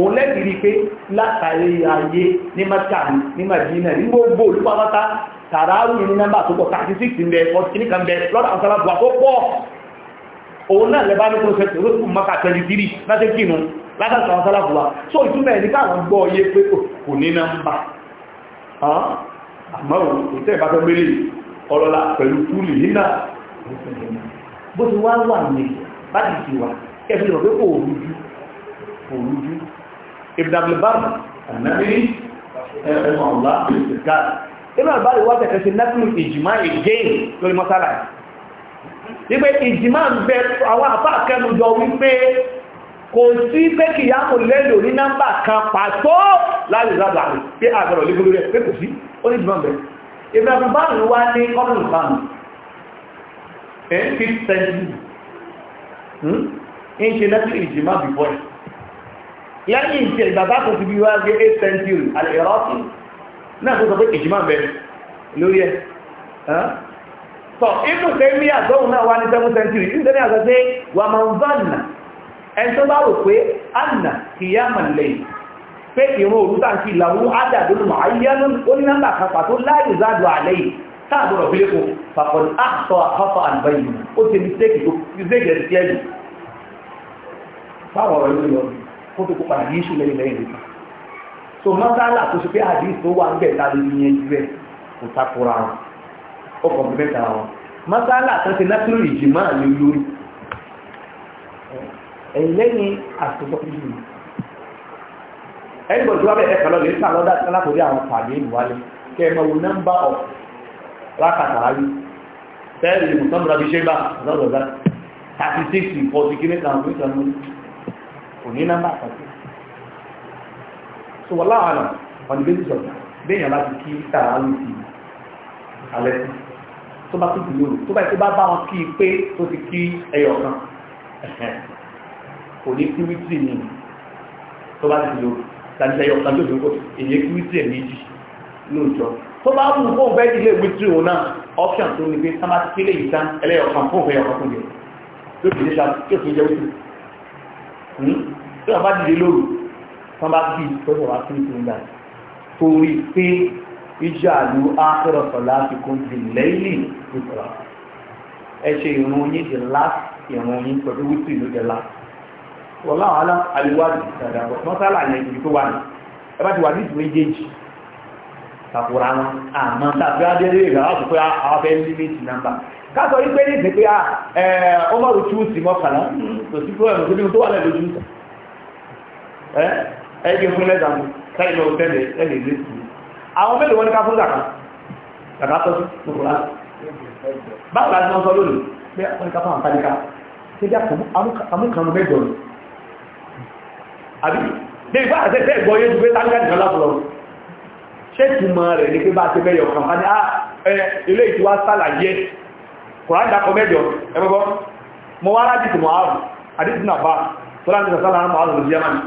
òun lẹ́bìí rí pé látàrí ayé ní maka ní madina ní gbogbo olúpapátá tàràwì ní nọ́mbà tó pọ̀ 36 ní ẹ̀fọ́ kìíní kan bẹ lọ́dà àwọn sábà tó pọ̀ òun náà lẹ́bá ní prọfẹ́tì olóòkú maka 23 láti kínú látàrí àwọn sábà wà so ìtumẹ̀ ní káwọn gbọ́ yé pé oh, kò ní nọ́mbà àmọ́ ìtẹ́ ìbáfẹ́ mẹ́lẹ̀ ọlọ́lá pẹ̀lú túlì nínà bó ti wá wà ní bá ti ti wà kẹfì rọ̀ ibn abdulbar annabi rahimahullah iskar ibn abdulbar wá tẹ̀kẹ́ sí nẹ́kùn ìjìmá again lórí mọ́sálà wípé ìjìmá ń bẹ àwọn àfá kẹnujọ wípé kò sí pé kì yá kò lẹ́lò ní nọ́mbà kan pàtó láàrin ìzábà rẹ̀ pé àgbẹ̀rọ̀ lé gbogbo rẹ̀ pé ìjìmá bẹ̀ ibn lẹ́yìn ìtì ìgbàgbà kò fi bí wá gé 8th century àti ìrọ́kì náà tó sọ pé ìjìmá bẹ̀rẹ̀ lórí ẹ̀ tọ́ inú tẹ́mí àtọ́hùn náà wá ní 7th century inú tẹ́mí àtọ́ pé wà máa ń vánà ẹni tó bá rò pé anna kìyà màlẹ́yìn pé ìrún òrùta ń fi ìlàwó ádàdúnmọ̀ ayélú onínàmbà fáwọn ọ̀rọ̀ ìlú lọ́rùn fún tó kópa àdí ìṣù lẹ́yìn lẹ́yìn nìkan so mọ́sálà tó ṣe pé àdí ìṣù wà ń bẹ̀ ta ló ní ẹjú ẹ̀ kò takora wọn ó kọ̀m̀pútẹ́ ta wọn mọ́sálà tó ṣe nátúrò ìjìmọ́ àlè lórí ẹ̀yìn lẹ́yìn àṣìṣọ́ fíjì ẹni bọ̀ tí wọ́n bẹ̀ ẹ̀ kọ́lọ́ lè sàlọ́ dá látòrí àwọn pàdé ìwálé kẹ́ ẹ̀ mọ̀ wọ nọ́mbà ọ̀ rákàtàrí tẹ́ẹ̀rì ìmùsọ́mùsọ́ fi ṣe bá ọ̀dọ́dọ̀dá 36 40 kìnnìkan kò ní nọ́mbà àkọsí so wọ́n láwọn àná ọ̀nà ìgbésí sọ̀rọ̀ bẹ́ẹ̀ yàn láti kí tààrà lù sí alẹ́ sí tó bá tún tìlú tó bá tó bá bá wọn kí i pé tó ti kí ẹyọ kan kò ní kí wítìrì ni tó bá tìlú tàbí ẹyọ kan tó dúró èyí kí wítìrì ẹ̀ méjì lóòjọ́ tó bá wù fóun fẹ́ ilé wítìrì òun náà option tó ní pé sábà ti kí lè yìí tán ẹlẹ́yọ̀ kan fóun fẹ́ yọ̀ kan fún mi tó kì í ṣe tó kì í jẹ́ wítìrì hmm? tí wọ́n bá dìde lóru tí bá bí tọ́jú wa sí ìgbà torí pé ìjà lu ákẹ́rọ̀ sọ̀lá ti di lẹ́yìn ìtura ẹ ṣe ìrun yín di last ìrun yín pẹ̀lú wípé ìlú jẹ last wọ́n láwọn alá aliwájú ìtàdà bọ̀ mọ́sálà yẹn ibi tó wà ní ẹ bá ti wà ní ìdúró méjèèjì kàkùrà wọn àmọ́ tàbí adéré rẹ̀ wọ́n sọ pé àwọn fẹ́ límìtì nàmbà káàkiri pé ní ìsìn pé ọmọrù túùsì mọ́kànlá kò sí fúlọ̀ ẹ̀rọ tó wà lẹ́ẹ̀lójú nìkan ẹgbẹ́ fún lẹ́gbàmù kẹ́lẹ̀ òtẹ́lẹ̀ ẹ̀lẹ̀ ilé sí àwọn mẹ́lẹ̀ wọ́n ní ká fún zaka zaka tọ́ sí gbogbo láti báwọn láti wọ́n sọ lónìí pé wọ́n ní ká fún àǹtàlíkà tí bí amúkànú mẹ́jọ ni àbí bí ìgbà àti ẹgbẹ́ ìgbọ́ yé ju pé tálíkà nìkan lápọ̀lọ́ ṣé ìtumọ̀ rẹ̀ ni pé bá ti mẹ́yọ̀ kàmpáni á ah, ilé ìtura sálàyé kùrán dákọ mẹ́jọ ẹgbẹ́gbọ́ mo wá tó mọ̀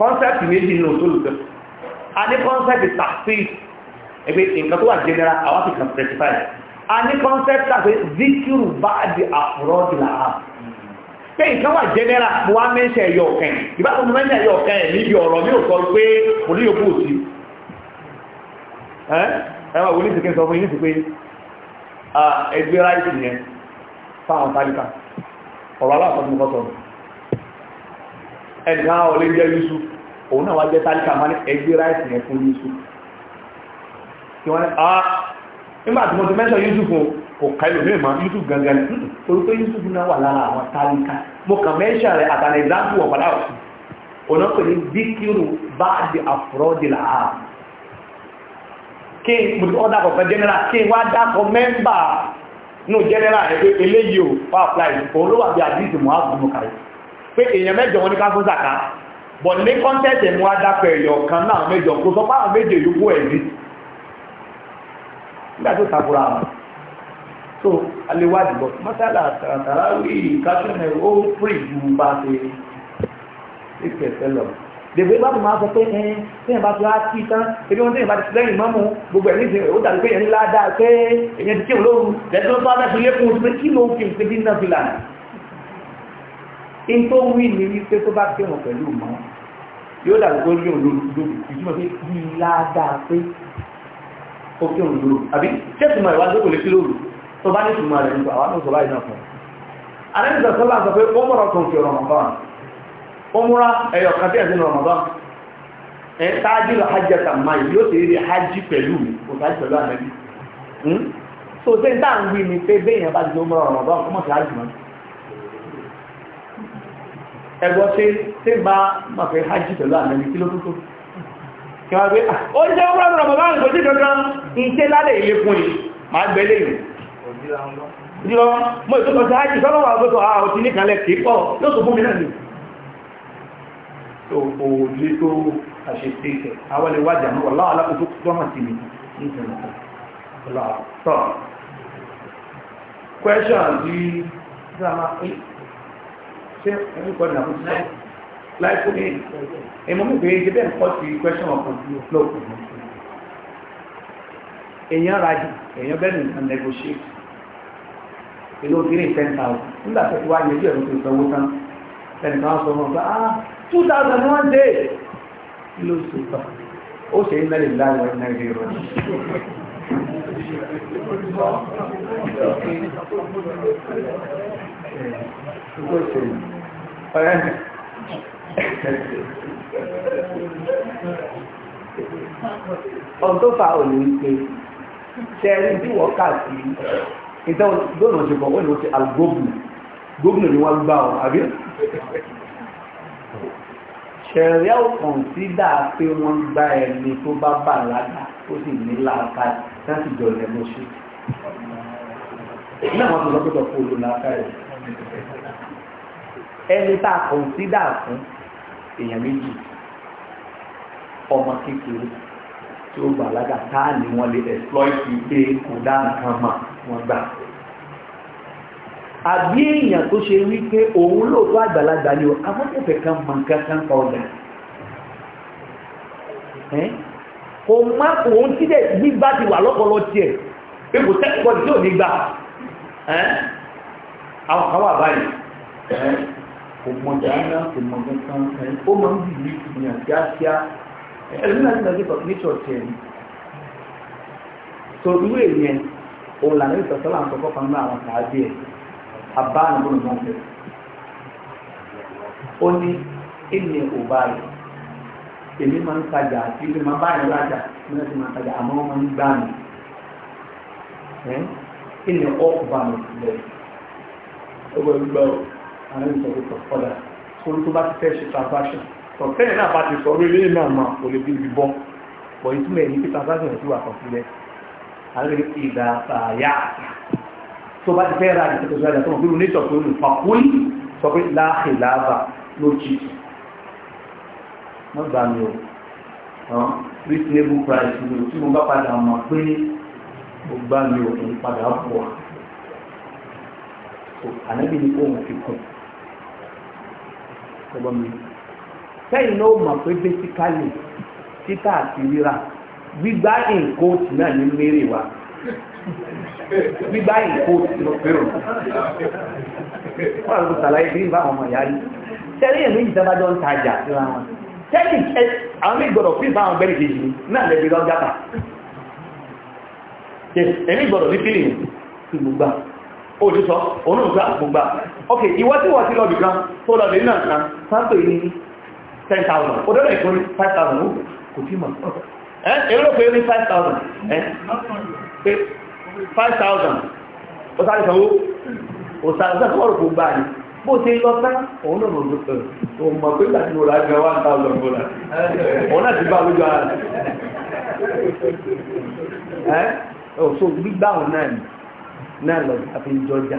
kọ́nsẹ́pì méjì nínú tó lùtọ́ a ní kọ́nsẹ́pì tafsir ẹgbẹ́ nǹkan tó wà general àwọn ti kan specify a ní kọ́nsẹ́pì tafsir zikiru bá di àfúrọ́dì làá pé nǹkan wà general mo wá mẹ́ṣẹ̀ ẹ̀yọ ọ̀kẹ́ ìbá tó mo mẹ́ṣẹ̀ ẹ̀yọ ọ̀kẹ́ ẹ̀ níbi ọ̀rọ̀ mi ò sọ pé kò ní yòókù òsì ẹwà wo ní ti kí n sọ fún yín ní ti pé ẹgbẹ́ ráìsì yẹn fáwọn tálíkà ọ̀rọ̀ aláàfọ́ tí mo kọ́ sọ ẹnìkan ọ̀lẹ́ jẹ́ yusuf òun náà wá jẹ́ tálíkà máa ní ẹgbẹ́ ráìsì yẹn fún Yusuf kí wọ́n ní ah nígbà tí mo ti mẹ́sàn Yusuf kò kẹ́lò mí ma Yusuf gangan ní hmm, torí pé Yusuf náà wà lára àwọn tálíkà mo kàn mẹ́sàn rẹ̀ àtàlẹ̀ ìdáàbò ọ̀pọ̀lá ọ̀sùn òun náà pè ní díkìrù bá di àfúrọ́dì làá kí mo ti ọ́dà kọ̀ọ̀kan jẹ́nẹ́rà kí wá dákọ̀ mẹ́mbà nù jẹ́nẹ́rà ẹ̀ pé eléyìí ò fà fly òun ló wà bí àdìsí mọ́ bọ̀ ní kọ́ńtẹ́ẹ̀tì mú adápẹ̀ ẹ̀yọ̀ kan náà méjọ kó sọ fáwọn méje yòókù ẹ̀ ní nígbà tó takura wọn so aléwádìí bọ̀ mọ́sálà tààtàrà rí ìkásùnmẹ̀ ó pírí ju bá ṣe ìpè tẹ́lọ̀ dèbò ìbá mi máa sọ pé ẹ tí ìbá tó á kí tán ebi wọn tí ìbá ti lẹ́yìn mọ́mú gbogbo ẹ̀ níṣẹ́ ó dàbí pé ẹ̀rí ládàá pé èyàn ti kéwòn lóru lẹ́tọ́ bá fẹ́ fi lékún pé kí ló ń fi ìpè dínà fìlà ní tó wí ní wípé tó bá kéwòn pẹ̀lú mọ́ yóò dàbí kó rí òun lóru lóru ìtumọ̀ pé bí i ládàá pé ó kí òun lóru àbí tẹ́sùmọ̀ ìwádìí kò lè kí lóru tó bá ní ìtumọ̀ rẹ̀ nípa àwọn àtúnṣe báyìí náà fún un. àrẹ́sìtọ̀ sọ́lá sọ pé ó mọ̀rọ̀ kan fi ọ̀rọ̀ mọ̀ báwọn ó múra ẹ̀yọ̀ kan tẹ́yẹ̀ sínú ọ̀rọ̀ báwọn ẹ̀ táájú lọ hajj tàmá yìí yóò ṣe hajj pẹ̀lú kò sáájú pẹ̀lú àmẹ́bí. Hmm? so ṣé ń tà ń wí ni pé béèyàn bá ẹgbọ́ tí tí bá ma fẹ́ hajji pẹ̀lú àmẹ́lì kí ló tútù kí wá gbé ah, ó jẹ́ ọmọ bàbá ń gòjì dandan ń tẹ́ lálẹ̀ ilé fún yìí máa gbẹ́lẹ̀ yìí jílọ mọ́ ìtọ́kọ̀ sí hajji sọ́lọ́wà gbọ́tọ̀ àwọn ti ní kalẹ̀ kìí pọ̀ yóò tó fún mi náà ni ó lé tó àṣèṣe ìkẹ̀ àwọn ilé wájà mọ́ wà láwọn alákòóso tó hàn sí mi ní ìtẹ̀lẹ̀ ṣé ẹni kọ́ ìdààmú sí láì fún mi èmi mú bèèrè ṣe bẹ́ẹ̀ kọ́ sí question of flow èèyàn rajà èèyàn bẹ́ẹ̀ nìkan negotiate èlò òkèrè ten thousand nígbà tó ti wá yẹjú ẹ̀rọ tó sanwó tán ẹnìkan wọn sọ wọn pé ah two thousand one day kí ló ṣe fà ó ṣe é mẹ́rin láìwọ̀ ẹ̀ náírà ìrọ̀ (laughs) ọ̀n tó fa òní wípé tẹ́rí tí wọ́n kà sí ìtẹ́wọ̀n gbọ́nà ṣe kọ̀wọ́n ló ti algógùn gógùn ni wọ́n gbá ọ̀ àbí ṣẹ̀rẹ́ ò kàn sí dáa pé wọ́n gbá ẹni tó bá bà lága ó sì ní láàká láti jọ lẹ́mọ́ṣù ẹni tá a kọ̀ǹsídà fún èèyàn méjì ọmọ kékeré tí ó bàlágà táà ní wọ́n lè exploit pé kò dá nǹkan mà wọ́n gbà àbí èèyàn tó ṣe wí pé òun lóòótọ́ àgbàlagbà ni ó afọ́kẹ̀fẹ̀ kan mọ nǹkan kan pa ọjà kò má òun tí dẹ̀ gbígbá ti wà lọ́pọ̀lọ́ tiẹ̀ pé kò tẹ́kọ̀ọ́ tí ò ní gbà àwọn kan wà báyìí kò mọ̀ dáná kò mọ̀ kankan ẹni ó máa ń bì ní ìyàn kíákíá ẹlẹ́yìn náà ti náà gbẹ́kọ̀ọ́ ní ṣọ̀ọ̀tì ẹ̀mí tó irú èèyàn òun làná ìtọ́sọ́lá ń sọ́kọ́ kan náà àwọn kàábí ẹ̀ àbá àgbọ̀n náà bẹ̀ ó ní ènìyàn kò báyìí èmi máa ń tajà àti ilé máa báyìí lájà ní wọ́n ti máa tajà àmọ́ wọ́n ń gbà mí ènìyàn ọ̀pọ̀ bá mi sílẹ̀ ó gbọ́ àwọn ìṣòro tó kọ́dà tó bá ti fẹ́ ṣe transaction tọ̀tẹ́yìn náà bá ti sọ orí ilé náà mà kò lè bí ibi bọ́ bọ̀ ìtumọ̀ èyí pé transaction ti wà kàn sílẹ̀ àwọn ìdá àyà tó bá ti fẹ́ ra ìṣètò ìṣòro tó ń gbé nature tó lù pàkúlì sọ pé láàkè láàbà ló jì wọ́n gbà mí o reasonable price ni o tí mo bá padà mọ̀ pé mo gbà mí o kì í padà bọ̀ ànábì ni kò wọ́n fi kún ọgbọ́n mi sẹ́yìn náà mọ̀ pé bẹ́síkálì títà àti rírà gbígbá ìkóòtù náà ní mérè wa gbígbá ìkóòtù lọ fẹ́ràn wọ́n àlùkò sàlàyé bí ìbá àwọn ọmọ ìyá yìí sẹ́yìn èmi ìjọba jọ ń tajà síra wọn sẹ́yìn àwọn mi gbọ́dọ̀ fún ìbá àwọn ọgbẹ́ni kejì mi náà lẹ́bi lọ́jà pa èmi gbọ́dọ̀ ní fílìmù sí gbogbo òtítọ́ onóògbà gbogbo ok ìwọ́ tí wọ́n ti lọ bìkan tó lọ lè náà kan sáńtò ní 10,000 ó dọ́lẹ̀ ìkórí 5,000 kò tí mọ̀ ẹ́ èrò pé ní 5,000 ẹ́ 5,000 ó sáré sanwó ó sáré sanwó ọ̀rọ̀ kò gbà ní bó ti lọ sá òun náà mọ̀ lóṣọ̀ tó mọ̀ pé láti mọ̀ láti gan 1,000 bọ́lá òun náà ti bá lójú ara ẹ́ ọ̀ so gbígbà òun náà náà lọ àfi ìjọjà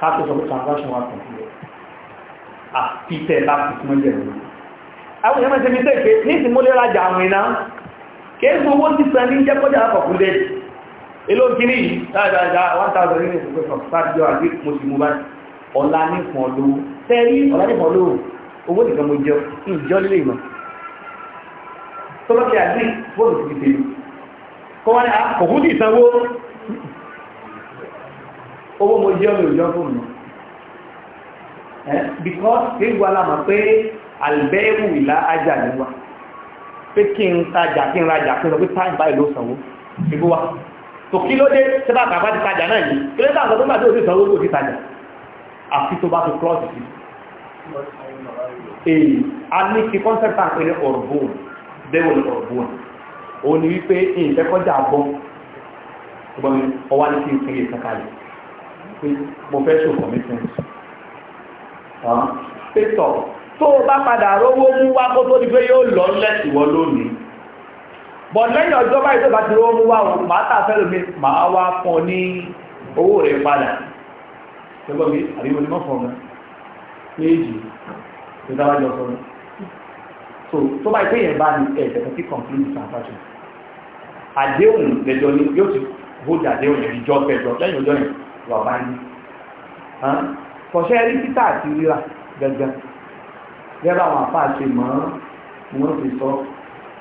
káàkiri sọ pé transaction wa complete àti tẹ́ láti fún ẹgbẹ̀ rẹ̀ àwọn èèyàn mẹ́sẹ̀ mítẹ́ pé ní ìsìn múlẹ̀ rájà àwọn iná kéèkù owó ti sẹ ní jẹ́kọ́jà àkọ̀kúndé eló kìíní dáadáa 1000 ní ìsìnkú sọ sáàdìjọ àgbé mo sì mú báyìí ọ̀la ní fún ọlọ́wọ́ tẹ́rí ọ̀la ní fún ọlọ́wọ́ owó nìkan mo jẹ ìjọ lílé ìmọ̀ tọ́lọ́kì àgbé bóòlù ti tèmi kọ́wọ́n ni àkọ̀kúndé ìsanwó owó mo jẹ́ mi ò fún mi because kí wà lámà pé àlùbẹ́ẹ̀wù ìlà ajá ni wa pé kí n tajà kí n rajà kí n sọ pé táì báyìí ló sanwó ìbú wa tò kí ló dé sẹ́bà bàbá ti tajà náà yìí kí ló dé àwọn tó máa tó ti sanwó kò sí tajà àfi tó bá fi klọ́ọ̀sì sí èyí a ní ti kọ́nsẹ́pà pé ní ọ̀rọ̀bùn bẹ́wò ní ọ̀rọ̀bùn òun ni wípé ìfẹ́kọ́jà bọ́ ọwá ní kí n fi ìsẹ́kàlẹ̀ pé mo fẹ́ ṣò commitment pétọ̀ tó o bá padà rówó mú wá kó tó di pé yóò lọ lẹ́sìn wọ lónìí bọ̀ lẹ́yìn ọjọ́ báyìí tó bá ti rówó mú wá o màá tà fẹ́ lómi màá wá fún ọ ní owó rẹ̀ padà lọ́gbọ́n mi àríwọ̀ ni mọ́ fọ́ mi méjì tó dáwà jọ sọ mi so tó bá ìpé yẹn bá ní ẹ̀ẹ́dẹ̀kọ́ sí complete transaction àdéhùn lẹ́jọ́ ni yóò ti hold àdéhùn ẹ̀rí jọ́ pẹ̀jọ́ lẹ́yìn ọjọ́ yẹn lọ́ba ní kọ̀ṣẹ́ rí títà àti ríra gẹ́gẹ́ gẹ́gẹ́ àwọn àfáà ṣe mọ́ ni wọ́n ti sọ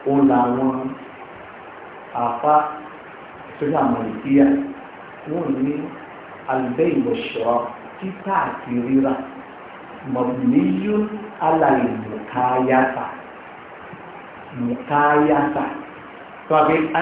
òun làwọn àfá sójà mọ̀lìkíyà wọ́n ní alùbẹ́ ìwọ̀ṣọ́ títà àti ríra mọ̀bìlíyún alàyè mùkáyàtà mùkáyàtà tó a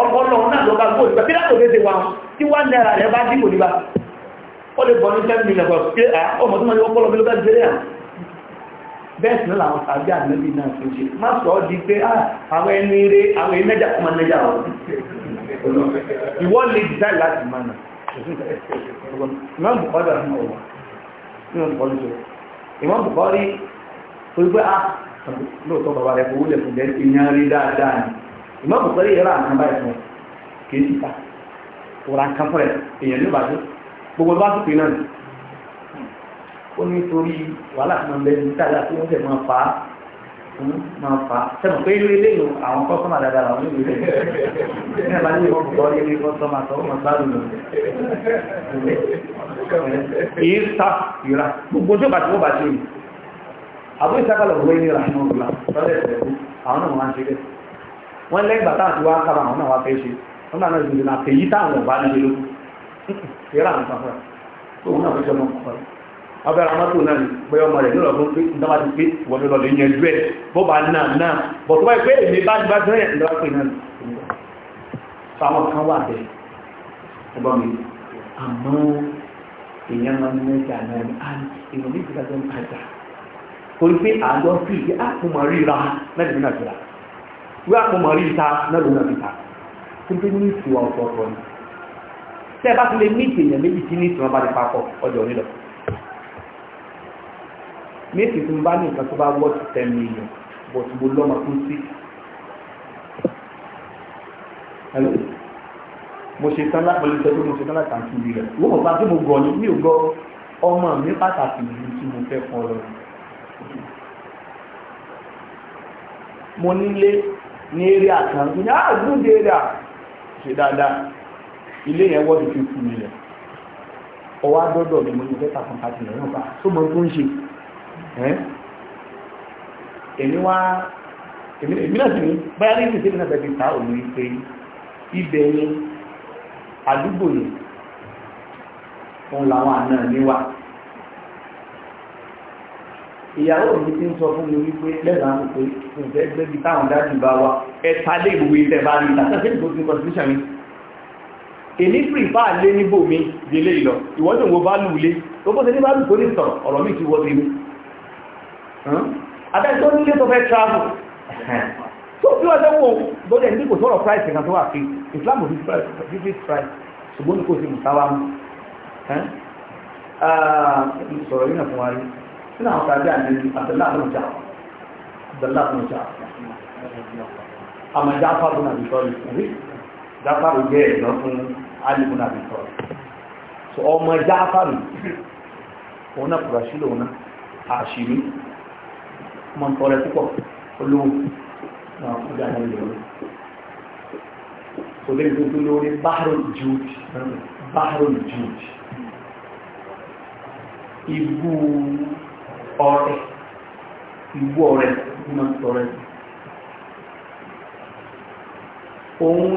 ọkọ̀ lọ́wọ́ náà ló bá gbó ìgbà tí látò léde wa tí wá náírà rẹ̀ bá dìbò níbà ó lè bọ̀ ní ten million bọ̀ pé à ọmọ tó máa ni ọpọlọ mílíọ̀n bẹ́ẹ̀ jẹ́rẹ́ à bẹ́ẹ̀ sì náà àwọn tàbí àmì náà tó ṣe má sọ ọ́ di pé àwọn ẹni rẹ̀ àwọn ẹni mẹ́jà lóòótọ́ bàbá rẹ̀ kówó lẹ̀kùn jẹ́ ìyàn rí dáadáa ni ìmọ̀ bùkọ́rí yẹra àkàn báyìí fún kìí síta òrà kan fún rẹ̀ èèyàn ní bàjẹ́ gbogbo bá tún pè náà ó ní torí wàhálà tí wọ́n bẹ ní tàbí àti wọ́n fẹ́ máa fà á máa fà á sẹ́mu pé irú eléyìí àwọn kọ́sọ́mà dáadáa làwọn yóò lè rí ní àbájá ìwọ̀n bùkọ́rí ilé kọ́sọ́mà tó wọ́n bá sá ìra gbogbo tó bàtí wọ́n bàtí àbú ìsákàlọ̀ òwe ní ìrànà òwúlà lọ́dẹ̀ ìṣẹ̀kú àwọn náà wọ́n á ṣe bẹ́ẹ̀ wọ́n lẹ́yìn bàtà àti wá kábà àwọn náà wá fẹ́ ṣe wọ́n náà náà ṣe náà fèyí táwọn ọ̀bá ní ìlú (laughs) ìrà àwọn ìfàfẹ́ tó wọn náà fi ṣọmọ ọ̀rẹ́ ọbẹ̀ ramọ́tò náà ni pé ọmọ rẹ̀ ní ọ̀dọ́ pé ìdáwà ti pé wọ́n lọ lè yẹn ju ẹ̀ bó bá náà náà bọ̀ tó wáyé pé èmi bá gbá jẹ́ ìdáwà pé náà sáwọn kan wà bẹ́ẹ̀ ẹgbọ́n mi àmọ́ èèyàn máa ń mẹ́ta náà ni àìsàn ìròyìn ìgbàgbọ́n padà torí pé àjọ sí ìdí àpòmọ̀ ah, ríra mẹ́rin náà síra wí àpòmọ̀ ah, ríta mẹ́rin náà síta tó pé ní ìtura ọ̀tọ̀ọ̀tọ̀ ni tẹ́ bá ti lè ní ìtìyàn méjì tí ní ìtura bá ti papọ̀ ọjọ́ nílọ méjì tó ń bá ní nǹkan tó bá wọ́ ti tẹ́ mi yàn bọ̀ tí mo lọ́mọ tó sí mo ṣe tán láti pẹ̀lú ìṣẹ́ mo ṣe tán láti àǹtí rẹ̀ wọ́n mọ̀ bá tí mo gọ̀ ọmọ mi pàtàkì ju tí mo fẹ́ fọ́ lọ́rùn mo nílé ní eré àkàn ìyá àgbúndé eré ṣe dáadáa ilé yẹn wọ́n ti fi fún mi lẹ̀ ọwọ́ adọ́dọ̀ mi mo ní fẹ́ tàkùn àti ìrìn ọba tó mọ tó ń ṣe èmi wá èmi náà sì ní báyá ní ìsìnkú ni àdúgbò yìí òun làwọn àna mi ìyàwó mi ti ń sọ fún mi wípé lẹ́gbàá mi pé ǹjẹ́ gbẹ́bí táwọn dájú bá wa ẹ̀ta lé ìwé ìtẹ̀bá ní ìtàkẹ́sí tó ti constitution mi èmi pìrìfà lé níbò mi délé ìlọ ìwọ́n tó ń wo bá lù lé tó bó ṣe ní bá mi ti wọ́ sí mi abẹ́tọ́ nílé tó fẹ́ travel tó bí wọ́n tẹ́ wò lọ́dẹ̀ ní kò sọ̀rọ̀ price kan Islam ò fi fi price ṣùgbọ́n ní kò sí mùsáwá mú sọ̀rọ̀ sínú àwọn tàbí àjẹjù àtẹláàbùnjà àtẹláàbùnjà àmà jáfàbùn àbìtọ́lì rí jáfàbùn jẹ́ ẹ̀nà fún alìbùn àbìtọ́lì so ọmọ jáfàbùn òun náà kùrà sílò òun náà àṣírí mọ́ ń tọrẹ púpọ̀ olóhùn náà kú dáná ilé orí kò lè gbogbo lórí báhárò jùúdì báhárò jùúdì ibu. ọrẹ ìwú ọrẹ ní máa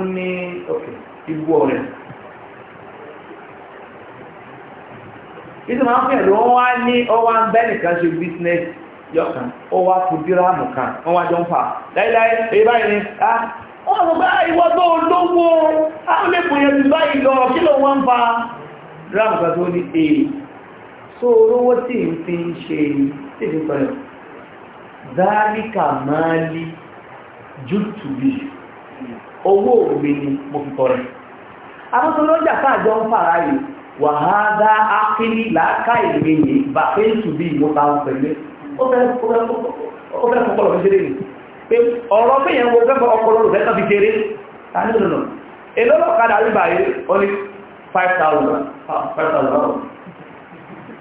ń ni ok ní ìwú ọrẹ ìtumọ̀ àwọn ẹ̀rọ wọn wá ní ọwá ń bẹ́ nìkan ṣe bísínẹ́sì yọkan ọwá fún dírámù kan wọ́n wá jọ ń fà láíláí èyí báyìí ni a ah, wọ́n sọ bá ah, ìwọ tó lówó àwọn lè pòyẹ̀ jù báyìí lọ kí ló wọ́n ń fa dírámù tó ní èyí tó olówó tí ń fi ń ṣe tètè pẹ̀lú dáríkà máa lí jùtùbí owó mi ni mo fi tọrẹ abọ́tọ́lọ́jà sáàjọ ń fara yìí wàhálà ákílì làákà ìrìnyìn bàfẹ́ ìtùbí mo ta ń pẹ̀lú ó fẹ́ kọ́kọ́ lọ fi ṣeré ni pé ọ̀rọ̀ fẹ́yẹn wo fẹ́ ọkọ̀ lọ́rùn fẹ́ tán fi ṣeré ta ní rí bàyẹ̀ ó ní 5000 5000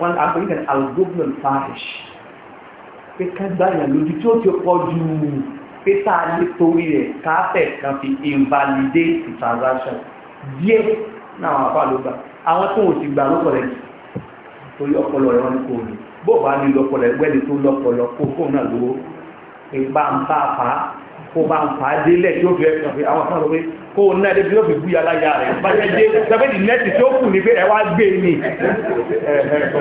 wọ́n àpèyí kan algorithm fahish pé ká gbáyàn lójú tí ó ti pọ̀ ju pé tá a lè torí rẹ̀ káfẹ̀ kan fi invalidate the transaction díẹ̀ náà àwọn àpá ló gbà àwọn tó ti gbà ló kọ̀lẹ̀ jù ọpọlọ rẹ̀ wọ́n ní kò lò bó bá nílò ọpọlọ ẹgbẹ́ ni tó lọ́pọlọ kó fóun náà lówó ìgbà ń kó bá ń fà á délẹ̀ tí ó fi ẹ̀sùn fi àwọn kan sọ pé kó o náà débi ó fi búya láyà rẹ̀ bá jẹ́ dé sẹ́fẹ́dì nẹ́ẹ̀tì tí ó kù ní pé ẹ wá gbé ni. tí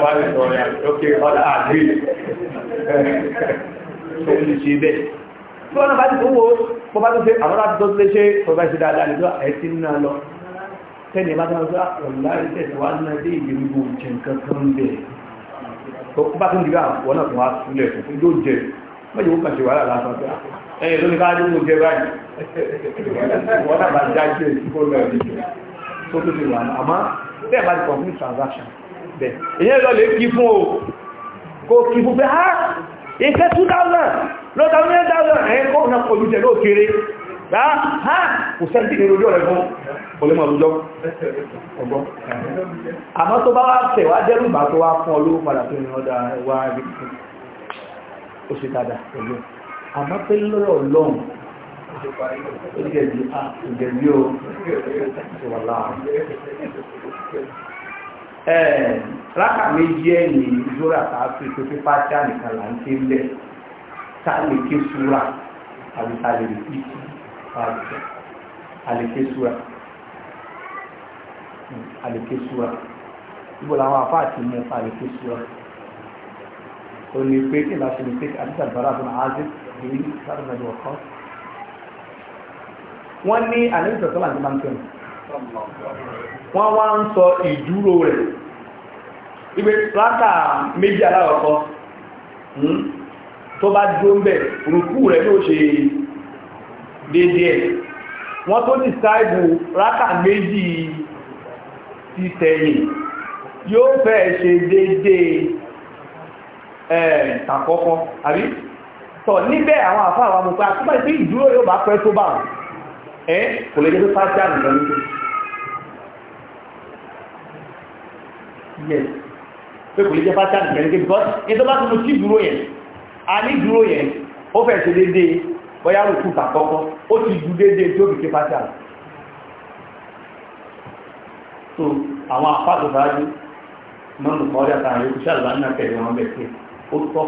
wọ́n náà bá ti fún wo bó bá tó ṣe àwọn láti tó lé ṣe tó bá ṣe dáadáa nígbà ẹ ti ń náà lọ tẹ́ni bá tó ń sọ ọ̀la ìṣẹ̀ṣẹ̀ wá náà dé ìlú gbogbo jẹ nǹkan kan bẹ̀ tó bá tó ń dìgbà wọn náà tó wá sílẹ̀ tó jẹ mọ́jọ́ ó ẹ̀yìn ló ní ká dúró jẹ báyìí wọ́n náà bá jáde ìsìnkú lọ ìdíje tó tó ti wà náà àmọ́ bẹ́ẹ̀ bá ti complete transaction bẹ́ẹ̀ èyí lọ lè kí fún o kò kí fún pé ha ah, ìfẹ́ 2000 lọ́ta 1000 ẹ̀yìn kọ́ ọ̀nà pọ̀lú jẹ lóò kéré ha kò sẹ́ntì ní ojú ọ̀rẹ́ fún olómọ̀ àmọ́ tó bá wá tẹ̀ jẹ́rù àmọ́ pé lọ́rọ̀ lọ́hùn ó jẹ́ bí a jẹ́ bí ó wà láàrín. rákà méjì ẹ̀yìn zora tààtì tó fi pátá nìkan là ń ké lẹ̀ tá a lè ké súra àbí tá a lè rí pàṣẹ àlèké súra àlèké súra níbo làwọn afá àti mú àlèké súra ó ní pé kí n bá ṣe ní pé àdúgbò àgbàrá fún ààzẹ́ kiri sáàrùn ẹ̀dùn ọ̀kan wọ́n ní àlẹ́sọ̀ tó láti máa ń tẹ̀lé wọ́n wá ń sọ ìdúró rẹ̀ ibi látà méjì aláwọ̀kọ́ hmm, tó bá dúró ń bẹ̀ rùkú rẹ̀ ló ṣe déédéé wọ́n tó ní sáìbù látà méjì ti tẹ̀yìn yóò fẹ́ ṣe déédéé ẹ̀ẹ́dàkọ́kọ́ àbí tọ̀ níbẹ̀ àwọn àfáà àwọn amúpa tó bá ti ìdúró yóò bá pẹ́ tó bá wọn ẹ́ kò lè jẹ́ tó fásitì àmì lọ níbi yes pé kò lè jẹ́ fásitì àmì lọ níbi because ní tó bá tó tí ìdúró yẹn a ní ìdúró yẹn ó fẹ́ ṣe déédéé bóyá rùkú tàkọ́kọ́ ó ti ju déédéé tó fi ṣe fásitì àmì so àwọn àfáà tó sáájú mọ́nù kọ́ ọ́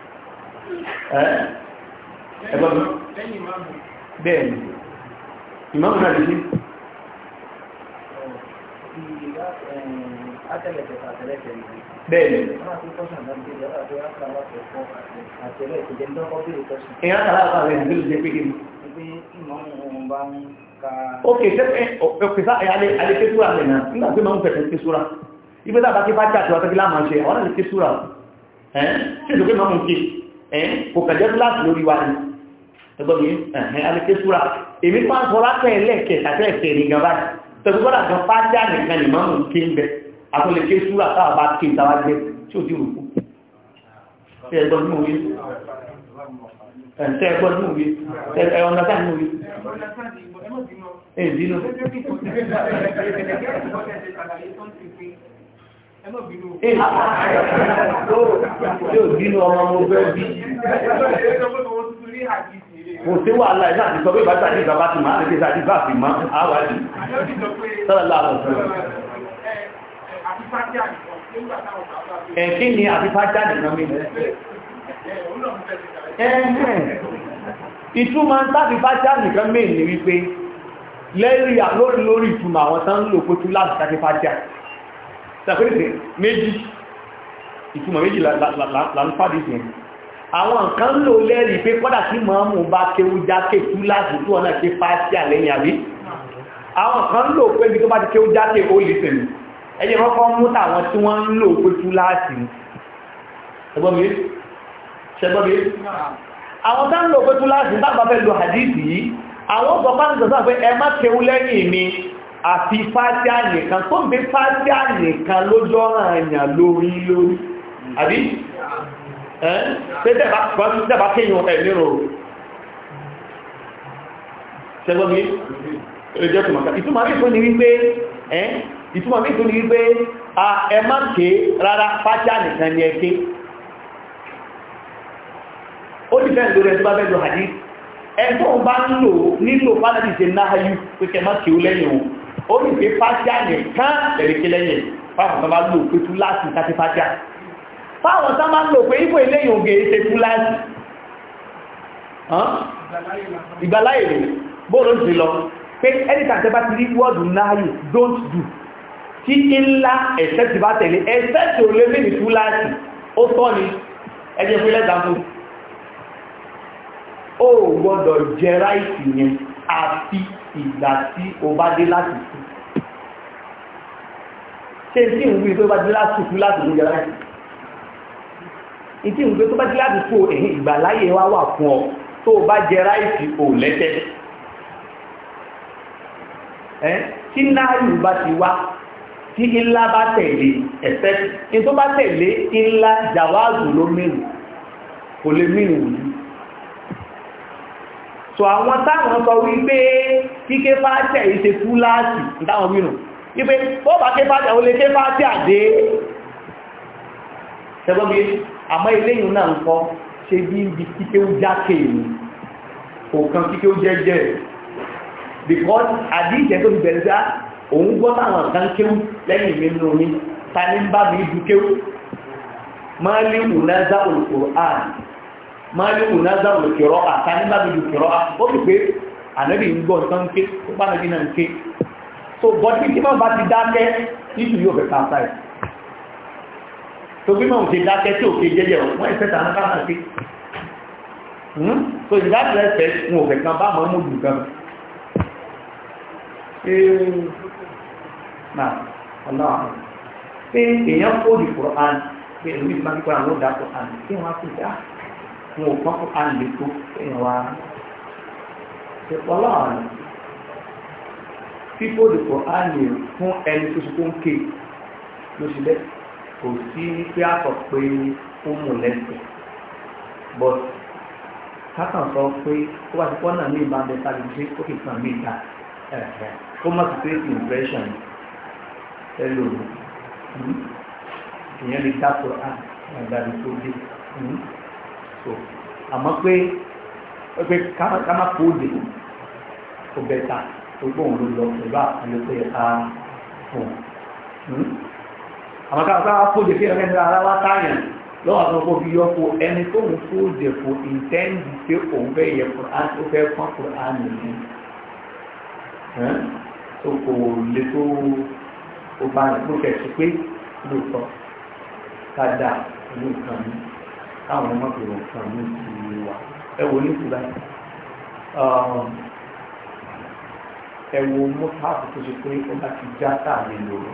ẹgbọ́n bẹ́ẹ̀ni ìmáàmù náà lè ní eh, bẹ́ẹ̀ni ìyá kàlákà rẹ̀ nílùú jẹ́ pé ókè sẹ́pẹ́ ọ̀pẹ̀sá àlékésúra rẹ̀ náà nígbà tí máa ń fẹ̀sẹ̀ késúra ibẹ́ta bá kí bá jà tí wá tẹ́kí láàmà ṣe àwọn àlékésúra ẹ́ sí ìdókè máa mú kí kò kẹ̀jẹ́ láti lórí wa ní ẹgbọ́n mi ẹ̀hẹ́n alikẹ́sùra èmi máa ń sọ látẹ̀ ẹlẹ́ẹ̀kẹta tẹ́ ẹ̀fẹ́ ní gan báyìí tẹ̀síwọ́dà gan pátá nìkan ní máa ń ké ń bẹ àtọ́lẹ̀kẹ́sùra táwọn bá ké ìtawá gbẹ tí ò ti rò kú yóò bínú ọmọ mo fẹ́ bí. Mo tí wà láì láti sọ pé bàtà ní ìjọba ti máa lè sáà ti bá fi máa àwárí. Sọ́lá láàrùn fún ẹ̀. Kí ni àfipájá nìkan mi? Ìtumọ̀ táfipájá nìkan mi ni wípé lẹ́rí lórí lórí ìtumọ̀ àwọn tán lò kó tú láti táfipájá tàbílẹ̀ méjì ìtumọ̀ méjì lànfàdì sí àwọn nǹkan lò lẹ́rìí pé kọ́dà tí mọ́mù bá kéwú jákè tú láti tó ọ̀nà ṣe fásí àlẹ́yìn àrí àwọn kan lò pé bí tó bá ti kéwú jákè ó lè tẹ̀lú ẹjẹ́ rọ́kọ́ mú tàwọn tí wọ́n ń lò pé tú láti ẹgbọ́mí ṣẹgbọ́mí àwọn tán lò pé tú láti tábà fẹ́ lo hadith yìí àwọn ọ̀pọ̀ àfi fájá nìkan tó ń bí fájá nìkan lójọ́ àyàn lórí lórí àbí ẹ́ tẹ́bà kéyàn ẹ̀mí rò ṣẹgbọ́n mi ẹjọ́ tó màkà ìtumà mí tó ní wípé ẹ́ ìtumà mí tó ní wípé a ẹ má ké rárá fájá nìkan ni ẹ ké ó ti fẹ́ lórí ẹjọ́ bá fẹ́ lọ hadith ẹ̀tọ́ bá nílò fánàbí ṣe náà yú pẹ́kẹ́ má kí ó lẹ́yìn òun ó ní pé fájá nìkan lẹ́rẹ̀kẹ́ lẹ́yìn fáwọn tó bá lò pé tú láti tàbí fájá fáwọn tó bá lò pé ipò eléyìn ògè ṣe tú láti ìgbàláyè rẹ̀ bóòrò sí lọ pé anytime tẹ́ bá ti rí wọ́ọ̀dù náàyè don't do tí ńlá ẹ̀ṣẹ́ ti bá tẹ̀lé ẹ̀ṣẹ́ tí ó lé mí ní tú láti ó tọ́ ni ẹjẹ́ fún lẹ́gbàmù ó gbọ́dọ̀ jẹ ìgbà tí o bá dé láti kú ṣe tí ìwé tó bá dé láti kú láti lóúnjẹ láti ìtí ìwé tó bá dé láti kú ẹ̀yìn ìgbà láyé wá wà fún ọ tó bá jẹ ráìsì ò lẹ́tẹ̀ tí náírù bá ti wá tí ńlá bá tẹ̀lé ẹ̀fẹ́ ní tó bá tẹ̀lé ńlá jàwáàzù ló mìíràn kò lè mìíràn wùdú so àwọn táwọn sọ wípé kíké fàájẹ̀ yìí ṣe túláàsì ìtàwọn wínú wípé ó bá ké fàájẹ̀ ó lè ké fàájẹ̀ àdé ṣẹgbọ́gbé àmọ́ iléyìn náà ń kọ́ ṣe bí ibi kíké ó jákè ìlú kò kan kíké ó jẹ́jẹ́ because àdíjẹ́ tó ti bẹ̀rẹ̀ sí òun gbọ́ táwọn kan kéwú lẹ́yìn mi nínú yín ta ní bá mi du kéwú máa lé ìwùnà zá olùkòrò àà máa lé ìwùnà zá olùkòrò àà ta ní bá mi du kòrò àà ó fi ànẹ́bì ń gbọ́ nǹkan ké tó bá nàbí náà ń ké so bọ́dí tí máa bá ti dákẹ́ nínú yóò fẹ́ pàṣà ẹ̀ tó bí máa ń ṣe dákẹ́ tí ò ké jẹ́jẹ́ wọ́n ẹ̀fẹ́ tà náà náà ké so ìdájọ́ ẹ̀fẹ́ ń òfẹ́ kan bá máa mú jù gan náà ọlọ́run pé di Qur'an pé èlú ìgbà kíkọ́ àwọn ó dá Qur'an wọ́n á fi dá wọn ò kọ́ Qur'an lè tó èèyàn wá The Quran, people the Quran yẹn fún ẹni tó ṣe tó ń ké ló ṣe lẹ́ kò sí pé àtọ̀ pé ó mú lẹ́sẹ̀ but kákan sọ pé ó wá sí pọ́nà ní ìbámu ẹ̀ta lè ṣe ó kì í kàn mí ìta kó má sì pé impression ẹ lò ó hmm? ìyẹn lè dá Quran àgbàdo tó dé hmm? so àmọ́ pé ká má kó dé. kó bẹ́ta gbogbo òun ló lọ pẹ̀lú àpẹẹrẹ tó yẹ ká fún un. Hmm? àwọn ká bá fòjè kí ẹ̀rẹ́ nira aláwá táyàn lọ́wọ́ àwọn ọkọ̀ fi yọ fún ẹni tó ń fòjè fún ìtẹ́ǹdì pé òun fẹ́ yẹ Kùránì ó fẹ́ pọ́n Kùránì nìyí. Hmm? tó kò lè tó o bá yẹn kó kẹ̀sì pé lóòótọ́ ká dà ìlú nǹkan mi káwọn ọmọ kò rọ̀ nǹkan mi ti wà ẹ wò ní kúrẹ́ ẹ̀wọ̀ mọ́tàbù tó ṣe pé ó bá ti já sáàlẹ̀ lòrò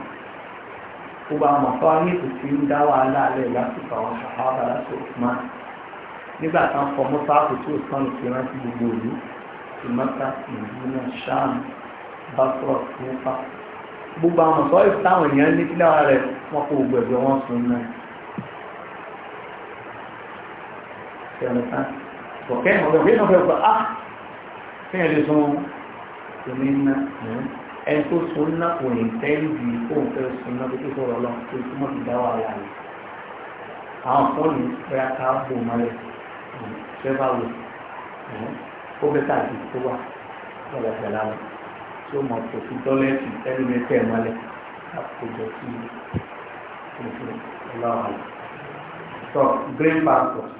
ó bá mọ̀ fọ́ ayé kò sí ń dá wàhálà alẹ́ lásìkò àwọn sàhábà láti òkúmá nígbà tá ń fọ mọ́tàbù tí ó sọnù fi rántí gbogbo òní tòmátà ìlú náà ṣáàm bàtọ̀ nípa gbogbo àwọn sọ èyí táwọn èèyàn ní kílẹ̀ ara rẹ̀ wọn kò gbẹ̀gbẹ̀ wọn sùn náà ṣẹlẹ̀ tán bọ̀kẹ́ ìmọ̀gbẹ̀ bí gbà á fẹ́yìn lè sún omi ńná hmm. ẹni tó so ńná kò ní fẹ́ lùdì kóun fẹ́ so ńná tó sọ̀rọ̀ lọ tó tó mọ̀ ìdá wà láàyè àwọn fóònù bẹ́ẹ̀ ká bò mọ́lẹ̀ hmm. fẹ́fà wò hmm. ó bẹ́ẹ̀ káàdì tó wà lọ́wọ́ pẹ̀lú àwọn tí ó mọ̀ tó fi dọ́lẹ́tì ẹni mẹ́tẹ́ mọ́lẹ̀ àkójọ sí ọlọ́run sọ green passport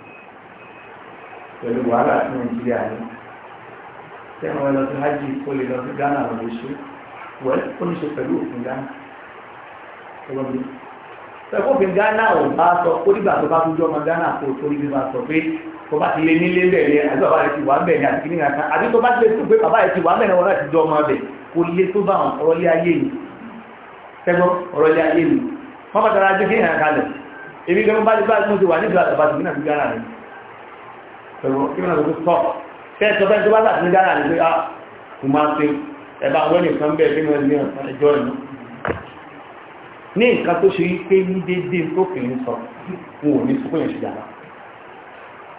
pẹ̀lú wàhálà sí nàìjíríà yìí tẹ́wọ̀n ẹ lọ sí hajj kó lè lọ sí Ghana lọ lè ṣe wẹ́ẹ́ ó ní ṣe pẹ̀lú òfin Ghana ẹ̀wọ̀n mi pẹ̀lú òfin Ghana ò bá sọ ó dìgbà tó bá tójú ọmọ Ghana kó torí bí wọ́n sọ pé tó bá ti lé nílé bẹ̀rẹ̀ àbí bàbá rẹ̀ ti wà bẹ̀ ní àti kí nìkan àbí tó bá ti lè tó pé bàbá rẹ̀ ti wà bẹ̀ ní wọn láti jọ ọmọ bẹ̀ kó lé tó bá wọn ayé mi tẹ́gbọ́ ọ̀rọ̀ ayé mi tẹ́ẹ̀sọ bẹ́ẹ̀ tó bá sà ní dára nígbé à kò máa ṣe ẹ̀bà wọ́n nìkan bẹ́ẹ̀ tí wọ́n ní ẹjọ́ ìlú ní nǹkan tó ṣe pé ní dédé tó kì í sọ fún òní sókè yẹn ṣe dára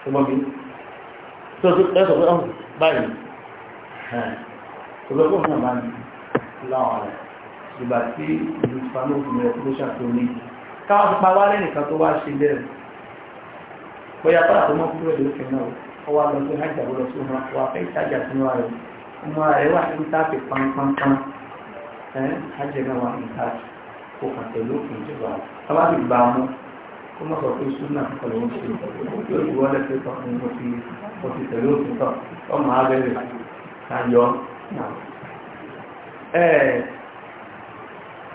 tó mọ́ bí tó tó tẹ́sọ pé ọ̀hún oh, báyìí ọ̀rọ̀ fún ọ̀hún báyìí láwọn rẹ̀ ìgbà tí ìlú spano fi mẹ́rẹ̀ tó ṣàtò ní káwọn pa wálé nìkan tó wá ṣe lẹ́rù bóyá pàtàkì mọ́ fún ẹ̀dọ́ ọwá lọ sí hajj àwọn ọlọ́sí ọmọ wa fẹ́ ìtajà fún wa rẹ̀ ọmọ rẹ̀ wà ní táàpì pánpánpán hajj náà wà ní táàpì kó kàn tẹ̀lé òkun ìjọba ọba ti gbà mú kó mọ̀ sọ pé súnà kọlọ̀ wọn ṣe yóò ti wọlé pé tọ́ fún mo ti mo ti tẹ̀lé òkun tọ̀ ọmọ abẹ́rẹ́ ayọ̀ náà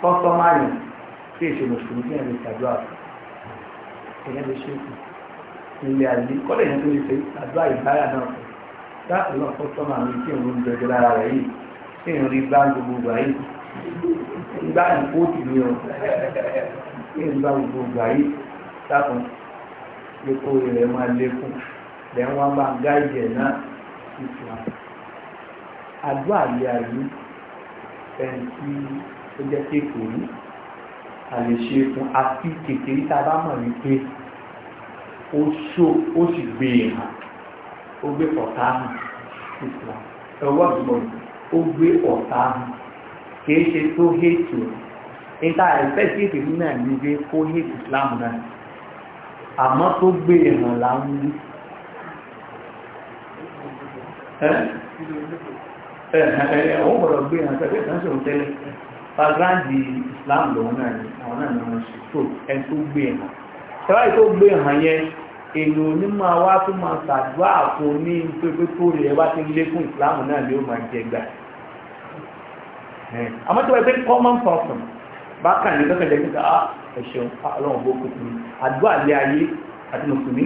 kọ́sọ́máyìn tí èṣe mùsùlùmí ẹ̀rẹ́ ìtàjọ́ àti ẹ̀yẹ́ lè ṣe é kù ilé ayé kọ́lẹ̀ yẹn tó lè ṣe àdúrà ìbáyà náà láti lọ fọ́ sọ́mà mi tí òun ń jẹjẹ lára rẹ̀ yìí tí òun rí bá gbogbo gbà yìí gbá ìkóòtù mi o tí òun bá gbogbo gbà yìí sáfún lóko rẹ̀ máa lékún lẹ́yìn wọn bá gá ìjẹ̀ náà ìtura àdúrà ilé ayé ẹni ó jẹ́ kékeré àlè ṣe fún àfi kékeré tá a bá mọ̀ wípé ó ṣó ó sì gbé e ó gbé ọ̀tá hàn islam ẹ̀wọ́ àgbọ̀n ó gbé ọ̀tá hàn kìí ṣe tó hẹ́ẹ̀tì o níta ẹ̀fẹ́ sí ètò nínú ẹ̀ níbi kó hẹ́ẹ̀tì islam náà àmọ́ tó gbé e hàn là ń wí. Àwọn ọ̀rọ̀ gbé e hàn sẹ́fẹ́ ìtànṣẹ́ òtẹ́lẹ̀. Fagráǹdì Islam lòun náà ni àwọn náà ni wọ́n ṣe tó ẹ tó gbé e hàn. Ṣẹ́wáyé tó gbé e hàn yẹn èèyàn ní máa wá tó máa ṣàdúrà àpò ní pépé tó rẹ̀ wá ti lékún ìsìláàmù náà ló máa jẹ gbà àmọ́ tó wáyé pé common person bákan ní kọ́kọ́ lẹ́gbẹ̀ẹ́ ah ẹ̀ṣẹ̀un ah, ọlọ́run bó kù sí àdúrà lé ayé àti mùsùlùmí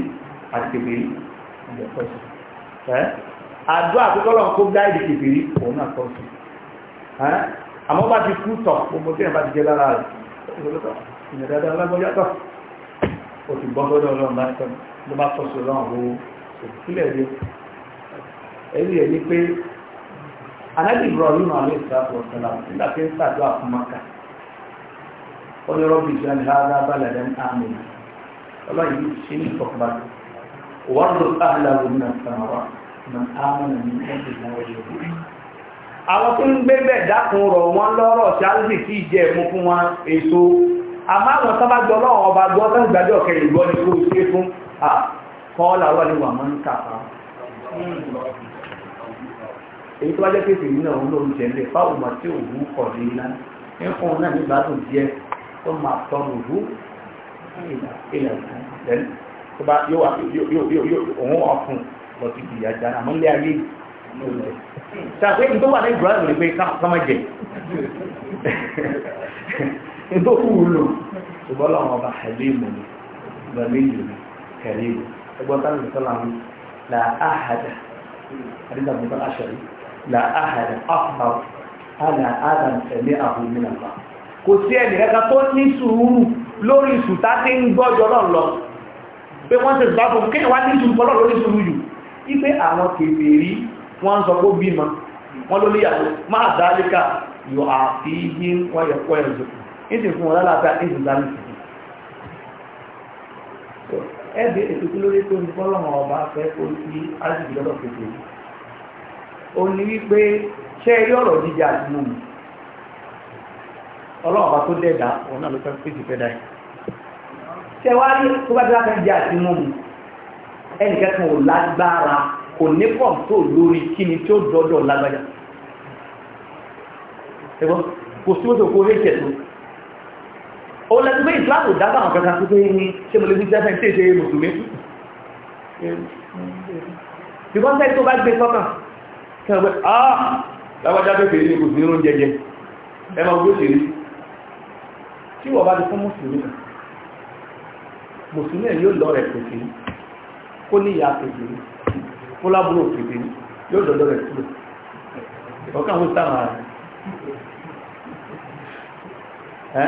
àti kèbèrè àdúrà àkókò ọlọ́run kó gáìdì kèbèrè òun náà kọ́ sí àmọ́ bá ti kú tọ̀ gbogbo tí ẹ̀ bá ti jẹ́ lára rẹ̀ ìrẹ̀dá lágbọ́já tọ̀ ó ti gbọ́ gbọ́dọ̀ ọlọ́run bá tọ̀ ló bá fọ́sọ̀ lọ́wọ́ òkúlẹ̀ rí ẹ̀rí ẹ̀ ní pé anábì Ibrahim alayhi salatu wa salam nígbà tí ń ṣàdúrà fún maka ó ní rọ́bì ìjọ ní rárá balẹ̀ lẹ́nu àmì ọlọ́yìn ṣe ní ìfọ̀kànbalẹ̀ wọ́n lọ sáàlà lómi náà sàn wá mọ̀ àmì ní ẹ̀dì náà yẹ àwọn tó ń gbé bẹ́ẹ̀ dákun rọ̀ wọ́n lọ́rọ̀ ṣáàlì kí ìjẹ́ ẹ̀mú fún wọn èso àmọ́ àwọn tó bá ọba gbọ́ tó ń kò ṣe fún Ah, kọ́ọ́lá wà ní wà mọ́ ń kàfà èyí tó wájẹ́ pèsè nínú òun ló ń jẹ́ tí òun kọ̀ ní ilá ń fún un náà ní ìgbádùn díẹ̀ tó máa tọ́ òun ilẹ̀ ìlẹ̀ ṣàpé ní (laughs) ṣùgbọ́n làwọn ọba àìlè ìmọ̀ ní ìgbà méjì ni kẹrin ẹgbọ́n tánà ìsọ́lá mi la ahada àdínà mú tán aṣọ yìí la ahada afọ ala adam ẹ̀mí àbò ìmìnà bá kò sí ẹnì kankan tó ní sùúrù lórí ìsùtá tí ń gbọ́jọ́ náà lọ pé wọ́n ti gbà fún kí wá ní sùúrù pọ́lọ́ ipe àwọn kèfèrí wọ́n ń sọ pé bímọ wọ́n ló níyàwó máa dáríkà yóò àfi yí wọ́n yẹ kọ́ ẹ̀rọ ìsìnkú ní ti ẹ̀bẹ̀ ètò kí lórí tó ń fọ́lọ́mọ ọba fẹ́ orí sí aláṣẹ́bí lọ́dọ̀ pèsè ó ní wípé ṣé ẹ yọ̀rọ̀ jíjẹ àti mímu ọlọ́run ọba tó dẹ̀dá òun náà ló fẹ́ pèsè fẹ́ dá ṣé wá ní tó bá ti wá fẹ́ jẹ àti mímu ẹnìkan ò lágbára kò ní kọ̀ǹtò lórí kí ni tí dọ́dọ̀ lágbájá ẹ̀gbọ́n kò sí mọ́tò kó rí ìṣẹ̀tún ó lẹ́tí pé ìsìláàmù dábà àwọn kankan pípé ní ṣe mo lè ní jẹ́fẹ́ tí èṣe mùsùlùmí ṣùgbọ́n tẹ́ tó bá gbé sọ́kàn kí wọ́n pẹ́ ah lágbájá pépè ní mùsùlùmí ló ń jẹjẹ ẹ máa gbó ṣèlú tí wọ́n bá ti fún mùsùlùmí kan mùsùlùmí yóò lọ rẹ̀ pèsè ní kó ní ìyá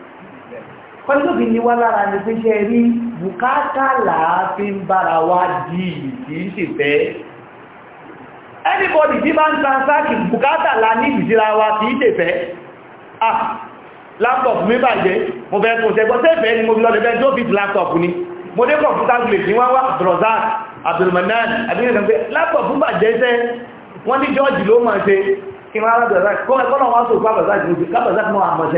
pẹ́lúbí ni wá lára ní pé ṣe rí bùkátà láàáfí ń bára wá dì kì í sì fẹ́ anybody tí bá ń transaction bùkátà lá ní ìsíra wa kì í tèfẹ́ ah laptop mi bàjẹ́ mo fẹ́ kún tẹ́gbọ́ tẹ́fẹ́ ni mo lọ́lẹ̀ fẹ́ jófit laptop ni mo dé kọ̀pútà gbèsè ní wá wá Abdulrazak Abdulmanan abinigbe laptop bàjẹ́ sẹ́ wọ́n ní George ló mọ̀ ṣe kí wọ́n á Abdulrazak kọ́ ẹ̀kọ́ náà wá sóòkú Abdulrazak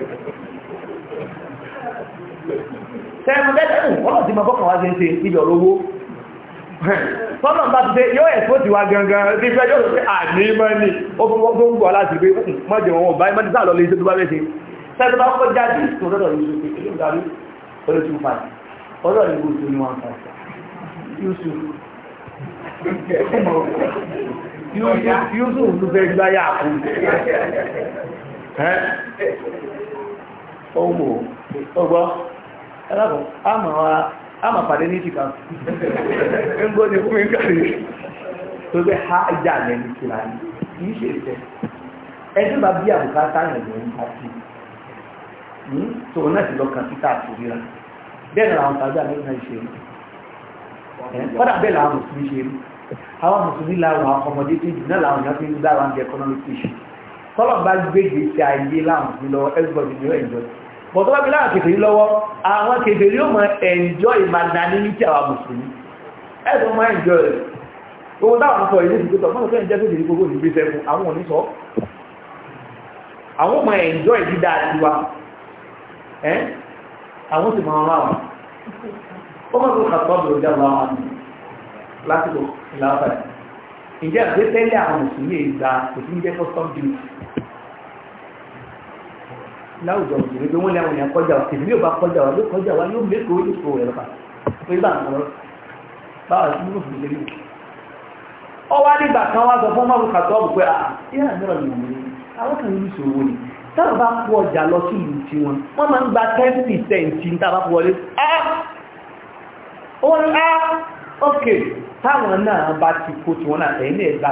sẹ́yìn bẹ́ẹ̀ ọlọ́run ti máa bọ́kàn wá ṣe ń ṣe níbi ọ̀rọ̀ owó tọ́lọ̀ bá ti dé yóò ẹ̀fọ́ ti wá gangan ní fẹ́ yóò ṣe àní mẹ́ni ó fún wọ́n tó ń gbọ́ láti gbé mọ́jẹ̀ wọn báyìí mọ́jẹ̀ sáà lọ lè ṣe tó bá bẹ́ẹ̀ ṣe sẹ́yìn bá kọ́ jáde tó rọ́rọ̀ yìí ṣe èyí ìdarí ọdún tún fàì ọ̀rọ̀ yìí gbòòtú ni wọ́n fàì Yusuf Yusuf ló fẹ́ gbá yà kú ọgbọ́ ẹlẹ́kùn àmà pàdé ní ìjìká ń gbọ́ ní fún ìkàrí tó gbé ha ìjà lẹ́nu kíra ní kìí ṣe ìfẹ́ ẹjọ́ bá bí àbùkátà ìrìnlẹ̀ ń bá sí tó náà sì lọ́kàn títà àtúrí rà bẹ́ẹ̀ làwọn tàbí àmẹ́ta ìṣe rí kọ́dà bẹ́ẹ̀ làwọn mùsùlùmí ṣe rí àwọn mùsùlùmí làwọn ọmọdé tó jù náà làwọn yàn fi ń dára ní economic issue tọ́lọ̀ bá gbégbèsè ayé láwọn ìlọ everybody ní bọ̀tọ́ bábí láwọn kèfèrí lọ́wọ́ àwọn kèfèrí ó mọ̀ ẹ̀njọ́ ìmàdánilítì àwọn mùsùlùmí ẹ̀sùn mọ́ enjoy, rẹ̀ owó táwọn sọ ìlú ìdíkò tọ́mọ́ tó ẹ̀njẹ́ kèfèrí gbogbo ní gbéṣẹ́ fún àwọn oníṣọ́ àwọn mọ̀ ẹ̀njọ́ ìdídá àtiwá ẹ́ àwọn sì máa rán àwọn ó mọ̀ tó kàtọ́ bí ọjà wọn àwọn lásìkò ìlàáfà láwùjọ òṣèré pé wọ́n lẹ́wọ̀n yẹn kọjá wa tèmi yóò bá kọjá wa yóò kọjá wa yóò mẹ́kọ̀ọ́ yóò kọ̀ ẹ̀rọ pa pé bá àwọn ọ̀rọ̀ báwa sí yóò fi lérí. ọ wá nígbà kan wá sọ fún ọmọ òkà tó ọ̀bù pé à yíyá mìíràn ni òun àwọn kan ní ìṣòro ni táwọn bá kó ọjà lọ sí ìlú tí wọn wọn máa ń gba ten percent ní tá a bá kó wọlé ah, ó ní á ah, ok táwọn náà bá ti kó tiwọn náà ẹ̀yìn náà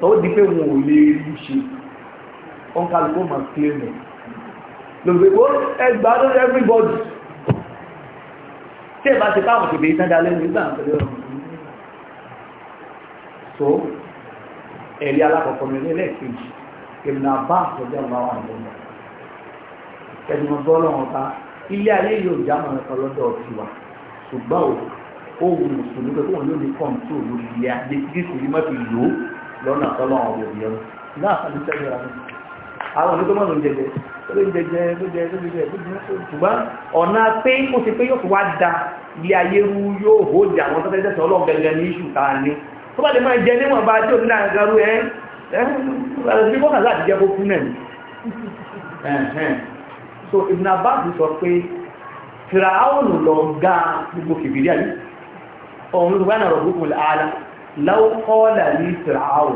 tó di pé wọn ò lè rí ṣe wọn kálù kó máa kílẹ̀ mọ́ lògbègbò ẹgbà everybody tí ẹ bá ti káwọn kèbè ìtàn dalẹ́ nígbà pẹ̀lú ọ̀rọ̀ so ẹ̀rí alákọ̀ọ́kọ́ mi lẹ́ẹ̀kejì ìrìnà bá àtọ́jọ́ ọ̀gá wà lọ́wọ́ ẹ̀dùnmọ̀ bọ́ọ̀lù wọn bá ilé ayé yóò já mọ̀ ẹ̀kọ́ lọ́dọ̀ tiwa ṣùgbọ́n òun mùsùlùmí pé kóun yóò ní kọ́ńtò lórí ilé ayé kí lọ́nà tọ́lọ́wọ́n ọ̀bẹ̀ òbí ọ̀nà náà àti sẹ́yìn ra àwọn onígbọ́n ló ń jẹjẹ ló ń jẹjẹ ló jẹ ló jẹ ló jẹ ṣùgbọ́n ọ̀nà pé ó ti pé yóò fi wá da ilé ayé ru yóò hó di àwọn tó fẹ́ẹ́ ní iṣu ta ni tó bá lè máa jẹ níwọ̀n bá tí òun náà garu ẹ ẹ bí wọ́n kà láti jẹ́ so Ibn Abbas sọ pé fìràáwọ̀n lọ ga gbogbo kìbìrì àyè ọ̀hún láwọ́kọ́ọ̀là ní fìràáwò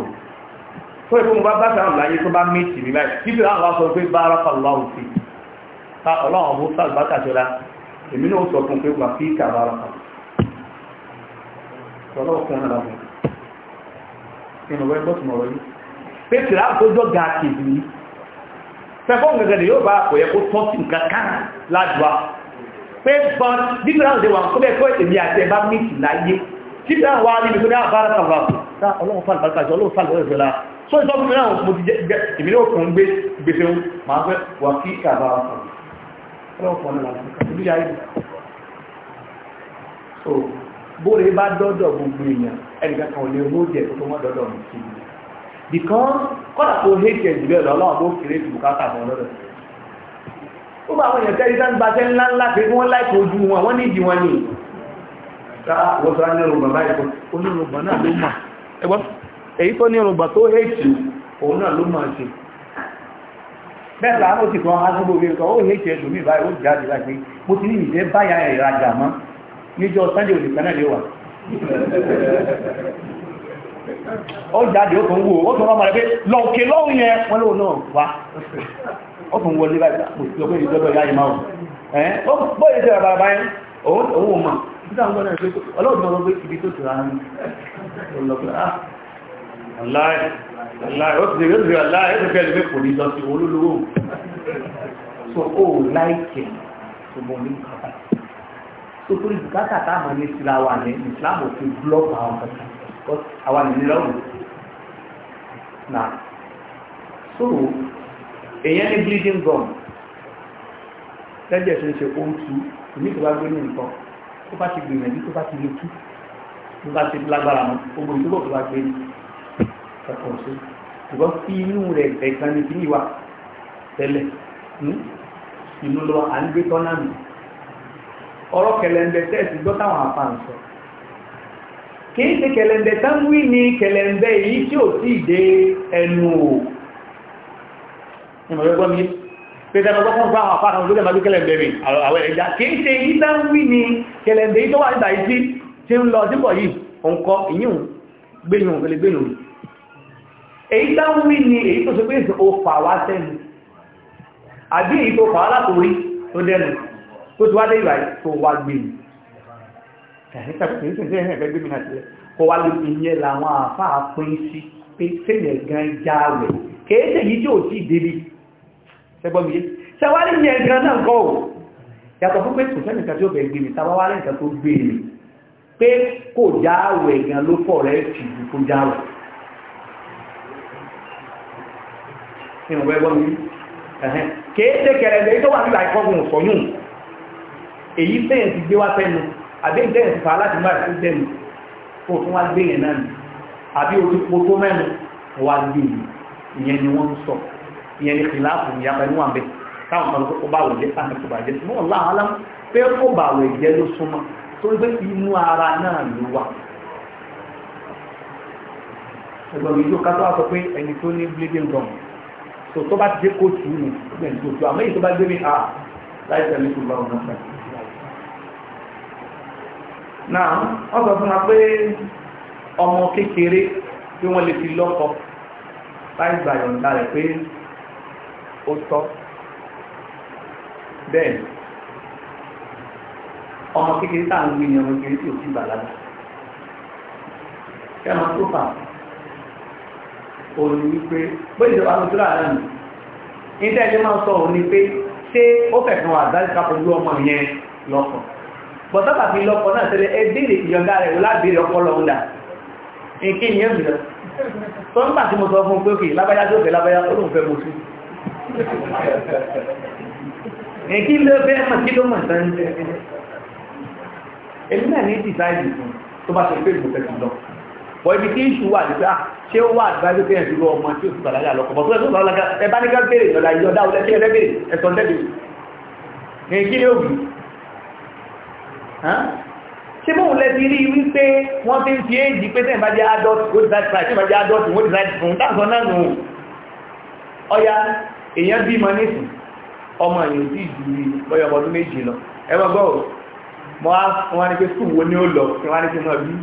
tó ìfún mo bá bá fìràáwò láyé tó bá méjì mi báyìí kí fìràáwò wá sọ pé bára pàlọ́wọ́ sí ta ọlọ́run bó sàlùbákà jọra èmi náà sọ fún pé wà fíìkà bára pàlọ́wọ́ fún ọ̀nà làwọn inú wẹ́ bọ́ tìmọ̀ wọlé pé fìràáwò tó jọ ga kìdì ní fẹ́fọ́ gẹ́gẹ́ ni yóò kó tọ́ sí nǹkan kan lájúwa pé títà wà níbi tó ní àbára kàwà tá ọlọ́run fà lùbáríkà jọ ọlọ́run fà lọ́rọ̀ ìfẹ́lá so ìjọba mi náà mo ti jẹ́ ìbí náà kùn gbé gbèsè ń máa fẹ́ wà kí kàbà ọlọ́run fọ́n ní làlùkà ìlú yà ìlú so bóre bá dọ́dọ̀ gbogbo èèyàn ẹnìkan kan ò lè mú jẹ tó wọ́n dọ́dọ̀ mi sí i because kọ́dà tó hẹ́jẹ̀ jù bẹ́ẹ̀ lọ́wọ́ àwọn òkèrè ìbùkátà fún ọlọ́dọ̀ ó bá àwọn èèyàn tẹ́lifíṣàn gbàṣẹ́ ńláńlá pé wọ́n láìpẹ́ ojú wọn wọ́n nídìí wọn ni wọ́n tó ní ọrùngbà báyìí kọ́ onírùngbà náà ló mà ẹgbọ́ èyí tó ní ọrùngbà tó hẹ́ẹ̀tì òun náà ló mà sí bẹ́ẹ̀ láàrín òsì kan á gbogbo orí kan ó hẹ́ẹ̀tì ẹlòmíì báyìí ó jáde láìpẹ́ mo ti ní ìjẹ́ báyà ìrajà mọ́ níjọ́ sunday òsì kan náà lè wà ó jáde ó tún wò ó tún rọ́mọ rẹ̀ pé lọ́ọ̀kẹ́ lọ́hùn yẹn wọ́n lóun náà wá ó tún wọlé báyìí títà ń gbọ́nà ìgbé ọlọ́dún ọmọ pé ibi tó tìrà ní ọlọ́pẹ́ aláì aláì ó ti rí aláì ó ti fẹ́ lè kò ní lọ sí so ó láìkẹ̀ tó mọ̀ ní bùkátà tó tó ní bùkátà táàmà ní síra wà ní ìsìlámù fi blọ́ọ̀kì àwọn kọ̀ọ̀kan àwọn ìnira òun náà so èèyàn ní bleeding gum lẹ́jẹ̀ tó ń ṣe ó ń tu ìmí ìgbàgbé ní nǹkan tó bá ti gbìyànjú tó bá ti lè tú tó bá ti lágbára mọ́ gbogbo ìdúró tó bá gbé ẹ̀kọ́ sí ṣùgbọ́n fi inú rẹ̀ ẹ̀gbọ́n ní kíní wa tẹ́lẹ̀ hmm? inú lọ à ń gbé tọ́nà mi ọ̀rọ̀ kẹlẹ̀ǹdẹ̀ tẹ́ẹ̀sì gbọ́ táwọn àfàn kìí ṣe kẹlẹ̀ǹdẹ̀ táwí ni kẹlẹ̀ǹdẹ̀ yìí tí ò sí ìdé ẹnu o ìmọ̀ ẹgbọ́n mi pẹ̀lú ọgbọ́n fún àwọn àfàn àwọn olóògbé kẹlẹ̀ndẹ̀ yìí tó wà nígbà yìí tí ń lọ sípọ̀ yìí ọ̀nkọ́ ìyíhùn gbẹ̀yìn òun gbẹ̀yìn òun èyí táwọn wí ni èyí tó ṣe pé ìsìn ó fà wá sẹ́nu àbí èyí tó fà wá látòrí tó dẹnu tó ti wá dé ìwà tó wá gbẹ̀yìn kò wá lè ìyẹn làwọn àfáà pín sí pé sẹ́yẹ̀ gan jáwẹ̀ kèéṣe yìí tí ò tí débi ṣẹgbọ́n mi yé ṣẹwárí yàtọ̀ fún pé kò sẹ́ni kan tí ó bẹ̀ gbé mi tàbá wá lẹ́yìn kan tó gbé mi pé kò já àwẹ̀ gan ló fọ̀ rẹ̀ tì í kó já àwẹ̀. ìwọ̀n bẹ́ẹ̀ gbọ́ mi kéèké kẹrẹ ẹgbẹ́ tó wà nígbà ìkọ́gùn sọ́yún èyí tẹ́yìn ti gbé wá fẹ́nu àbí ìtẹ́yìn ti fà láti máa ìfún tẹ́nu kó tún wá gbé yẹn náà nì àbí orí po tó mẹ́nu wá gbé yẹn ni wọ́n sọ ìyẹn ni fìlà fún ìyàpẹ́ níwọ̀n táwọn kan kó bá wẹ̀jẹ́ sáà kó bá jẹ́ sí alam. láwọn aláwọ̀ pé kó bá wẹ̀jẹ́ ló súnmọ́ torí pé inú ara náà ló wà ẹgbọ́n mi yóò kátó wá sọ pé ẹni tó ní bleeding gum so tó bá ti dé kóòtù nù ẹgbẹ́ tó tó àmọ́ èyí tó bá gbé mi à láì tẹ̀lé kó bá wọn náà fẹ́. náà wọ́n sọ fún wa pé ọmọ kékeré tí wọ́n lè fi lọ́kọ láì gbàyọ̀ǹda rẹ̀ pé ó tọ́ bẹ́ẹ̀ ọmọ kékeré tá à ń gbé ní ọmọ kékeré tí ò sí bàlágà ẹmọ tó fà òní wípé bóyí ìjọba ló tíra náà nì ìdá ẹjẹ́ máa sọ òní pé ṣé ó fẹ̀kan wà dáríkà pẹ̀lú ọmọ yẹn lọ́kọ̀ bọ̀tọ́pà fi lọ́kọ̀ náà tẹ́lẹ̀ ẹ béèrè ìyọ̀ǹda rẹ̀ wò lábẹ́rẹ̀ ọpọlọ ńlá nké ìyẹn bìlọ tó ń bà tí mo sọ fún pé òkè lábáyá tó fẹ́ lábáyá ó lóun fẹ́ mo sí kí ló fẹ́ mọ̀ kí ló mọ̀ sáré fẹ́ èmi náà ní dìsáìdì fún tó bá ṣe pé ìbò fẹ́ ti lọ bọ̀ ibi tí ìṣù wà nípa ah, ṣé ó wà àdìbájú pé ẹ̀sùn lọ ọmọ tí ó sì bàlágà lọ kọ̀bọ̀ tó ẹ̀sùn bàlágà ẹ bá ní ká bèrè ìyọ̀dà ìyọ̀dà ọ̀lẹ́ kí ẹ̀rẹ́ bèrè ẹ̀sọ̀ tẹ́lẹ̀ ní kí ni òbí ṣé bóun lẹ ti rí wípé wọ́n ti ń fi éèjì pé sẹ́yìn bá jẹ́ adult ó ti láti ṣe bá jẹ́ adult wọ́n ti láti fún táwọn náà nù ọya èèyàn bímọ nísìn ọmọ yìí ti ju bọ́yọ̀ ọmọ ọdún méjì lọ ẹ máa gbọ́ mo wá ní pé skul wo ni ó lọ kí wọ́n á ní kí n máa bí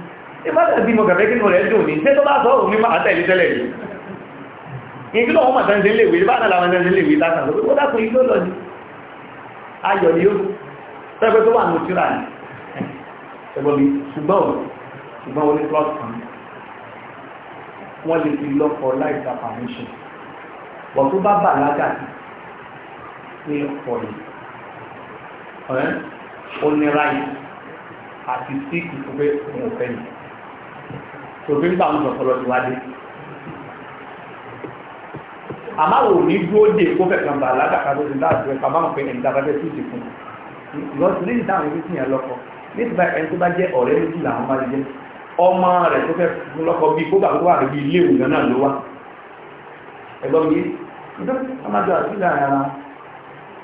ẹ má dàbí mo gàfẹ́ kí n rẹ̀ dùn ní ṣé tó bá sọ òun ní máa tẹ̀lé tẹ́lẹ̀ yìí ìgbé lọ́wọ́ mọ̀ tán ṣe bá náà làwọn tán ṣe lè ni ó tẹ́gbẹ́ tó wà ní òtíra ní ẹgbọ́n mi ṣùgbọ́n ṣùgbọ́n permission wọ́n tó bá bà lágà pé pọ̀ yìí ẹ̀ ó ní ráyì àti sí ìfúnpẹ́ òun so yìí tòbí nígbà wọn sọ̀tọ̀ lọ́dún wájú àmọ́ àwọn òní dúró dé kó fẹ̀ kan bà ládàkà tó ti dáàbò ẹ̀ka bá wọn pé ẹ̀ǹda bá fẹ́ tó ti fún lọ́sùn lẹ́yìn táwọn ẹbí tìyàn lọ́kọ nítorí ẹni tó bá jẹ́ ọ̀rẹ́ làwọn jẹ́ ọmọ rẹ̀ tó fẹ́ fún bíi kó wà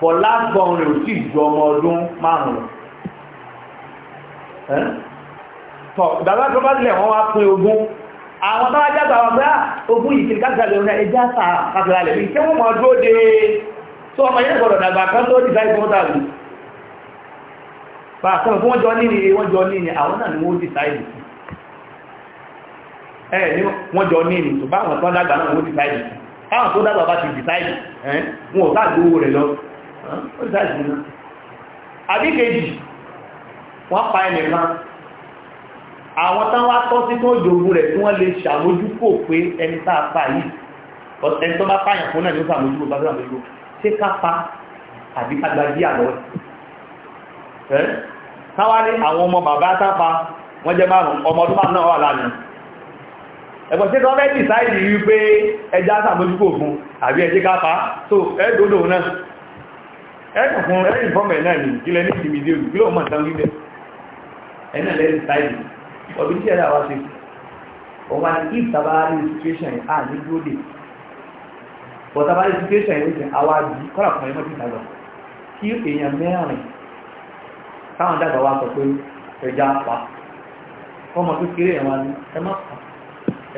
fọlá gbọ́n rẹ̀ ò sì ju ọmọ ọdún márùn lọ tọ̀ bàbá tó bá lẹ̀ wọ́n wá pín ogún àwọn bá jágbà wọn bá ogún yìí kìí káàkiri àlẹ́ ọ̀rẹ́ ẹjá sà kàkiri àlẹ́ ìṣẹ́ wọn mọ̀ tó dé tó ọmọ yẹn gbọ́dọ̀ dàgbà kan tó dìgbà ìfọ́n tàbí bá sọ fún wọn jọ ní ni wọn jọ ní ni àwọn náà ni wọn dìsáìdì sí ẹ ní wọn jọ ní ni tó bá wọn tán dàgbà náà wọn dìsáìdì sí káwọn ó sáàjì náà àbí kejì wọ́n pa ẹnìkan àwọn tán wá tọ́ sí tó jòwú rẹ̀ tí wọ́n lè ṣàmójúkò pé ẹni tá a pa yìí ẹni tó bá pààyàn fún náà ní ó ṣàmójúkò bá ṣàmójúkò ṣé ká pa àbí ká gbajú àlọ́ ẹ̀ táwa ní àwọn ọmọ bàbá tápa wọ́n jẹ́ márùn-ún ọmọ ọdún márùn-ún náà wà lánàá ẹ̀bọ̀n ẹ̀kùn fún ẹ̀yìn fọ́mọ̀ ẹ̀ náà ní ìkílẹ̀ ní ìsinmi dé òkú lóòmọ̀ tán wíbẹ̀ ẹ̀nà lẹ́yìn táìlì ọ̀bí tí ẹ̀dá wá sí ọba ní ìtàbárí situation yìí à ní dúró dé ọ̀tàbárí situation yìí sìn àwa bí kọ́là kan ẹ̀mọ́ ti dàgbà kí èèyàn mẹ́rin táwọn dàgbà wa sọ pé ẹja pa ọmọ tó kéré ẹ̀ wọn ẹ má pa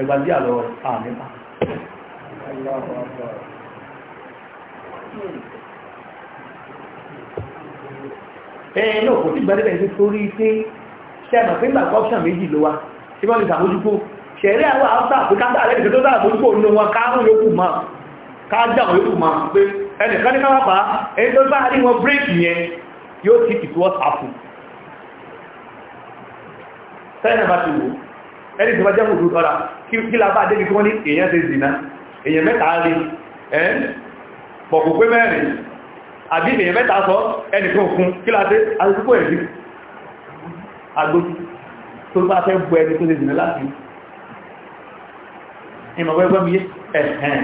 ẹgbà bí àlọ́ àmì pa. Thank you. ẹ̀ náà kò tí gbadébẹ̀ ní torí pé sẹ́mọ̀ pé gbàgbọ́ option méjì ló wa tí wọ́n lè sàmójúkó ṣẹ̀rí àwọn àwọn àpíká bá rẹ̀ nìkan tó dára mójúkó nínú wọn káàrùn yókù máa káàdàmù yókù máa pé ẹnìkan ní káwàpá ẹni tó bá rí wọn bírèkì yẹn yóò ti kìtù wọ́n sàfù sẹ́yìn bá ti wò ẹni tó bá jẹ́ mùsùlùmí kọ́ra kí la bá débi kí wọ́n ní pé mẹ́rin àbí èèyàn mẹ́ta sọ ẹnìkan òkun kí láti àtúkò ẹ̀rí agbó tó bá fẹ́ bọ ẹni tó lè dìnà láti ìmọ̀ wẹ́gbẹ́ mi ẹ̀hẹ̀n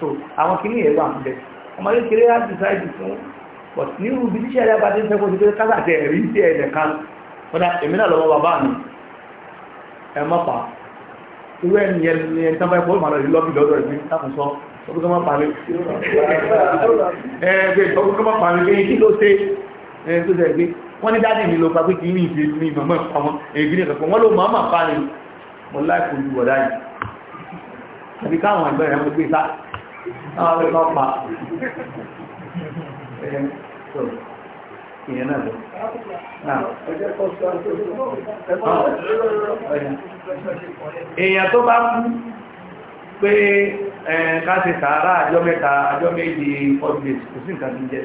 so àwọn kìíní ẹ̀rọ àmúlẹ̀ ọmọ ilé kéré láti sáìdì fún but ní irú bí tíṣẹ́ ẹ̀rẹ́ bá ti ń fẹ́ kó ti pé kásàtì ẹ̀rí sí ẹ̀ẹ̀dẹ̀ kan ọ̀dà èmi náà lọ́wọ́ bàbá mi ẹ̀ mọ́pa irú ẹni ẹni tán bá ẹ̀kọ́ ìmọ̀lẹ́ lọ́bì lọ́dọ̀ ẹ̀mí tákùn sọ ọdún máa pàmí ẹgbẹ́ ọdún máa pàmí pé kí ló ṣe tó ṣe gbé wọ́n ní dáadé mi lọ pa pé kí ní ìṣe ní ìmọ̀mọ́ ọmọ èbí nìkan kan wọ́n ló máa máa pàmí mọ́ láìpò ju ọ̀dá yìí àbí káwọn ẹgbẹ́ rẹ̀ mú pé sá àwọn abẹ́ kan pa ìyẹn náà lọ èèyàn tó bá káṣe sàárà àjọ mẹ́ta àjọ méjì ọdún kò sí nǹkan tí jẹ́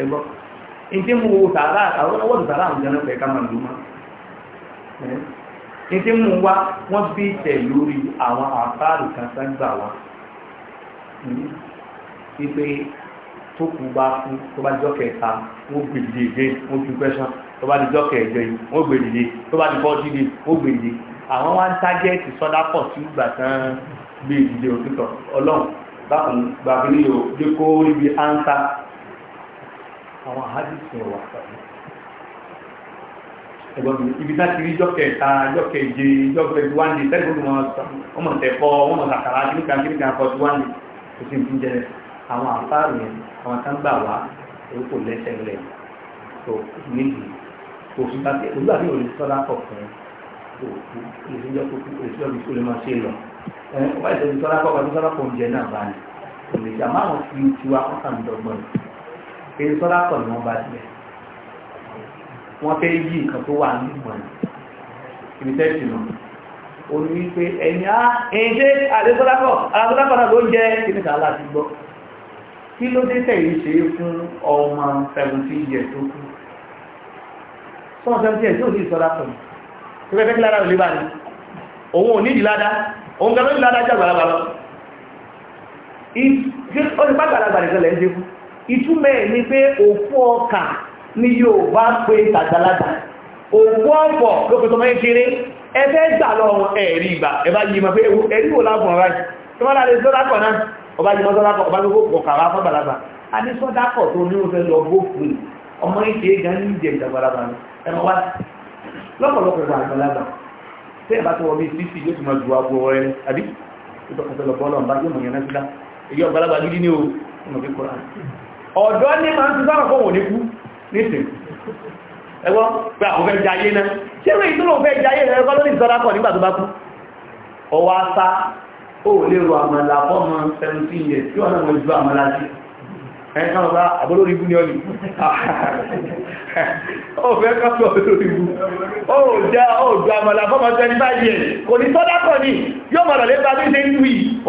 ẹgbọ́ in tí mú sàárà àwọn ọwọ́dù sàárà àwọn jẹ́ lọ́pẹ̀ẹ́ káàmà ló má in tí mú wá wọ́n bí tẹ̀ lórí àwọn àfáàrù kan sáńgbà wá wípé tó kù bá di jọ́ kẹjọ di bọ́ọ̀dì yìí wọ́n gbèdìde àwọn wá ń tágẹ́ẹ̀tì sọ́dápọ̀ sí ìgbà tán gbé ìdíje òtítọ́ ọlọ́run bákan gbàgbé ní yòó dé kó níbi áńsá àwọn àádìsí wà pàdé ẹ̀gbọ́n mi ibi náà ti rí jọ́kẹ̀ẹ́ta jọ́kẹ̀ẹ́je jọ́kẹ̀ẹ́je wá ní sẹ́gbọ́n mi wọ́n mọ̀ tẹ̀kọ́ wọ́n mọ̀ sàkàrà kíníkan kíníkan kọ́ ti wá ní kò sí nǹkan jẹ́ àwọn àfáàrù yẹn àwọn kan gbà wá èyí kò lẹ́sẹ̀ lẹ̀ tó níbi kò sí bá tẹ̀ ìṣẹ́jọ́ kò sí ìṣẹ́jọ́ máa ṣe lọ ọba ìṣẹ́jú tọ́lá kọ́ ọba tó tọ́lá kọ́ oúnjẹ náà bá ní òlèjà márùn fi tiwa ọ̀sán dọ́gbọ́n èyí tọ́lá kọ́ ni wọ́n bá tilẹ̀ wọ́n fẹ́ yí nǹkan tó wà ní ìmọ̀ ibi tẹ́sí nù ó ní wípé ẹ̀yìn á ah, ẹ̀yìn ṣe àdétọ́lápọ̀ àdétọ́lápọ̀ náà ló ń jẹ́ kíní kan láti gbọ́ kí ló dé tẹ̀yìn ṣe é fún ọmọ 17 years tó kú sọ́n 17 years tó ní ìsọ́lápọ̀ ní òun gan lórí ládájá àgbàlagbà lọ ó ti pàtàkì àgbàlagbà nìkan lẹ́ ń dínkù ìtumẹ̀ ni pé òkú ọkà ni yóò bá pé tàgbàlagbà òkú ọ̀pọ̀ ló pẹ̀tọ́ mẹ́ kiri ẹgbẹ́ gbà lọ ẹ̀rí ìgbà ẹbá yìí ma pé ẹ̀rí wò lágùn ọ̀rá tí wọ́n láti sọ́dákọ̀ náà ọba yìí mọ́sọ́dákọ̀ ọba tó kọ̀ kàrà fọ́gbàlagbà a ní sọ́dákọ̀ tó ní oúnjẹ lọ gbófin ọmọ ìṣe gan ní ìjẹ ìdàgbàlagbà lọ́pọ̀lọpọ̀ àgbàlagbà tẹ́yìn bá tó wọ́n bí sísì yóò ti máa ju agbo ọ̀rẹ́ àbí ìtọ́kọ̀tọ̀lọ̀ bọ́ọ̀lọ̀ bá yóò mọ̀yàn náà èyí ọ̀gbàlagbà gidi ní o ọmọ kíkọ́ rán ọ̀dọ́ ní máa ń tún sára fọ́wọ̀ ní kú nítìn ẹgbọ́n pé àwọn fẹ́ jayé náà ṣé rí ìtúrò fẹ́ jayé rẹ̀ kọ́ lórí ìsọ́dá kọ̀ nígbà tó bá kú ọwọ́ asá ó lè ro àmàlà fọ́mọ 17 years tí wọ́n náà mọ̀ ju àmàlà sí ẹ̀kan ọ̀gá àbọ́lórí ibú ní ọ̀lì (laughs) ọ̀fẹ́ kápẹ́ ọ̀bẹ̀lórí ibú ó já ọ̀dọ̀ àmàlà fọ́mọ̀ 25 years kò ní sọ́dákọ̀ ní yóò mọ̀ lọ́lẹ́ bá bíi ṣe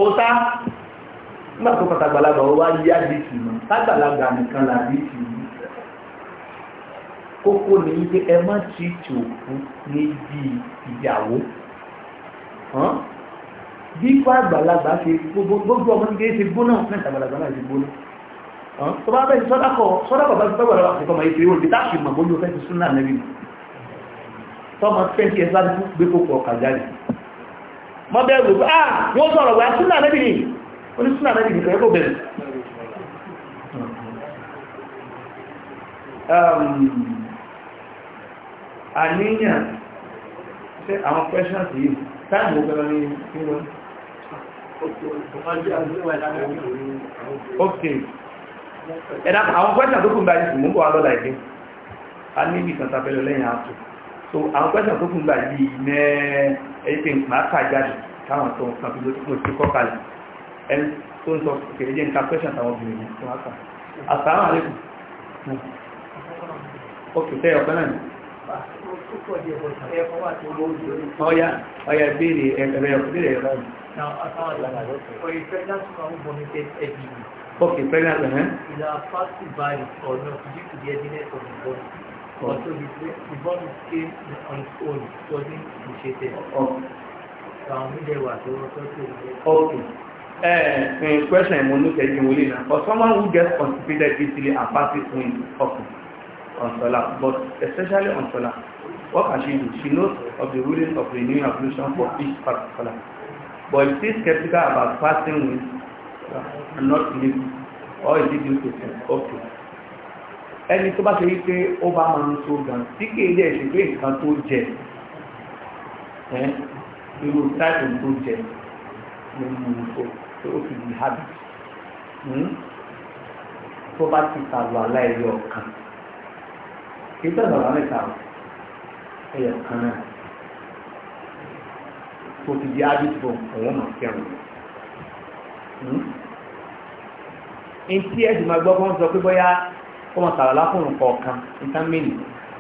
òta nígbà tó pàtàgbàlagbà ó wá yí àdìsì mọ́ tágbàlagbà nìkan làdìsì yìí kókó ní wípé ẹ má ti tì òkú ní bí ìyàwó bí fún àgbàlagbà ṣe gbogbo ọmọ nígbà ṣe gbóná mẹ́tàgbàlagbà náà ṣe gbóná tó bá bẹ́ẹ̀ sọ́dákọ̀ sọ́dákọ̀ bá gbẹ́gbẹ̀ lọ́wọ́ àti ọmọ ìfẹ́ òdí táàkì mọ̀ bójú fẹ́ ti súnà nẹ́bí tọ́mọ twenty years láti fún gbé kókò ah yóò sọ̀rọ̀ wẹ́ súnà nẹ́bí ni ó ní súnà nẹ́bí nìkan ẹ̀kọ́ bẹ̀rẹ̀ àníyàn ṣe àwọn questions yìí táàmù ó bẹ̀rẹ̀ ní ìwọ̀n ok ẹ̀dá àwọn question tó kù gbà yìí mú bọ̀ wá lọ́la a ní ibi tàbẹ̀lẹ̀ lẹ́yìn àtò so àwọn question tó kù gbà yìí nẹ́ ẹ̀yẹ́pẹ̀ máa kà jáde táwọn tó nǹkan fi lójú ti kọ́ kalẹ̀ ẹni tó ń sọ kèrè jẹ́ nǹkan question táwọn obìnrin yìí tó wá kà àsàrà àlékù ok tẹ́ ọ̀kan náà ọya ọya ìbéèrè ẹ̀rẹ̀ Okay, pregnant, uh-huh. Is our fast to buy or not due to the evidence of the body? Oh. Also, the, the body came on its own, it wasn't initiated. Oh. So, I'm with the word, Okay. Uh, eh, in eh, question, I'm going to take you For someone who gets constipated easily and passes wind often on Salah, but especially on Salah, what can she do? She knows of the ruling of renewing ablution for each part of Salah. But she's skeptical about passing wind and not legal or is it due to sin okay ẹni tó bá ṣe wípé ó bá máa ń so gan tí kì í dẹ̀ ṣe pé nǹkan tó jẹ irú táìpù tó jẹ ló ń mú un tó ó fi di habit hmm? tó bá ti tàlù aláìlé ọ̀kan kì í tẹ̀lé ọ̀rọ̀ mẹ́ta ẹ̀yọ̀ kan náà tó ti di habit bọ̀ òun máa fi Hmm? ntí ẹ̀sìn máa gbọ́ fún sọ pé bóyá wọ́n máa sàrọ̀ lákùnrin kọ̀ọ̀kan nǹkan mìíní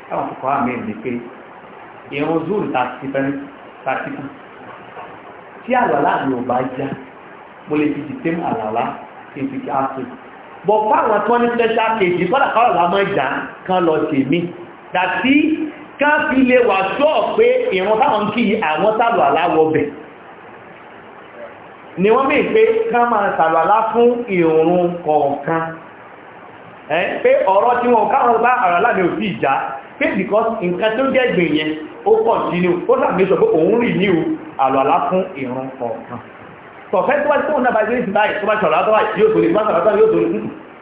táwọn akọ̀kọ̀ àmì ẹ̀ ní pé ìrún zúùrù tàti fẹ́rẹ́ tàti kù tí àlàlá mi ò bá já mo lè fi dìtẹ́m àlàlá kí n fi kí á tó bọ̀ fáwọn tí wọ́n ní fẹ́ṣà kejì kọ́dà káwọn làá máa jà kán lọ tèmi dàtí ká fi lè wà sọ́ọ̀ pé ìrún táwọn kì í àwọn sàrọ̀ wọ bẹ̀ẹ́ ni wọ́n mìí pé ká máa sàlọ́lá fún ìrun kọ̀ọ̀kan pé ọ̀rọ̀ tí wọ́n káwọn bá ara láàrin òfin ìjà pé because nǹkan tó jẹ́ ìgbìn yẹn ó pọ̀ sí ní ó sàmésọ̀ pé òun rì ní o àlọ́lá fún ìrun kọ̀ọ̀kan tọ̀fẹ́ tó wá tó ń dábàá ìgbé ìsìn báyìí tó bá sọ̀rọ̀ àtọ́wà yóò tó lè bá sọ̀rọ̀ àtọ́wà yóò tó lè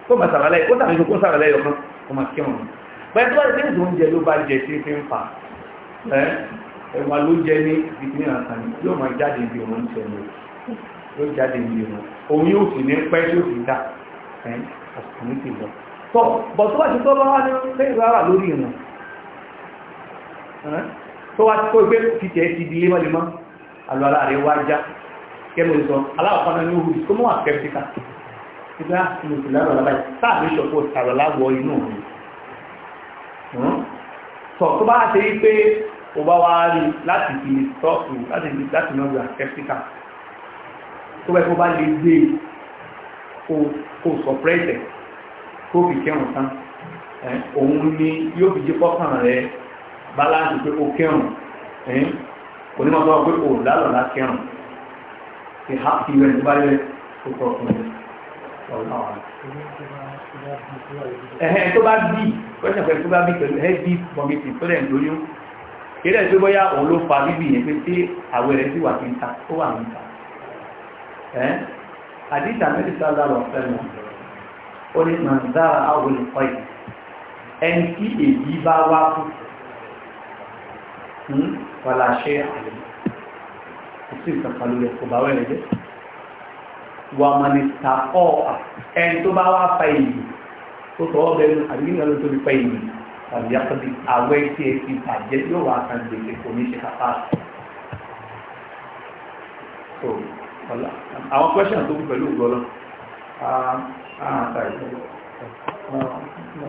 kó máa sàrà lẹ́yìn ó sàmésọ̀ kó sàrà lẹ́yìn ọ̀kan kó máa kí wọn bẹ́ẹ̀ tó wá ìgbé ìsìn oúnjẹ ló bá ẹ̀wà ló jẹ ní ìpínlẹ̀ àtàní yóò máa jáde bí òun ń tẹ̀lé yóò jáde ní ìrùn òun yóò sì ní pẹ́ yóò sì dá àsìkò ní ti lọ tọ́ bọ̀ tó bá ti tọ́ bá wá ní pé ìrara lórí ìrùn tó wá tó gbé títẹ̀ ti di lémọ́lémọ́ àlọ́ ara rẹ̀ wá já kẹ́mù sọ aláwọ̀páná ní ohun tó mọ́ àkẹ́fíkà títà mùsùlùmí lára lábáyé táàbí ṣọ̀pọ̀ tó bá kó bá lè gbé kó sọpẹ́ẹ̀tẹ̀ kó fi kẹrùn tán òun ni yóò fi jẹ́ kọ́kàn rẹ̀ báláǹsì pé ó kẹrùn kò ní máa sọ pé ó lálọ́lá kẹrùn ti ha fi rẹ̀ tó bá lè kó sọ fún mi ọ̀làwà. ẹ̀hẹ́ tó bá bí pẹ́sẹ̀ pẹ̀lú tó bá bí pẹ̀lú ẹ́ bí bọ̀mìtì tó lẹ̀ ń lóyún kí lẹ́ẹ̀ tó bọ́yá òun ló fa bíbí yẹn pé tí àwẹ̀ rẹ̀ sì wà kí n ta ó wà ń ta àdìsí àmẹ́lì sálà lọ fẹ́mọ̀ ó ní mọ̀ndára àwọn olùkọ́ yìí ẹni tí èyí bá wá fún wàlá ṣe àlè sí ìkàkàlù rẹ̀ kò bá wẹ̀rẹ̀ jẹ́ wà mọ̀nìta ọ̀ ẹni tó bá wá fa èyí tó tọ́wọ́ bẹnu àdìsí àmẹ́lì tó fi fa èyí tàbí akọ́bí àwẹ́ tí ẹ ti bàjẹ́ yóò wá kan gbèsè kò ní ṣe kápá àwọn question tó kú pẹ̀lú ògbọ́lọ́ ah, ah,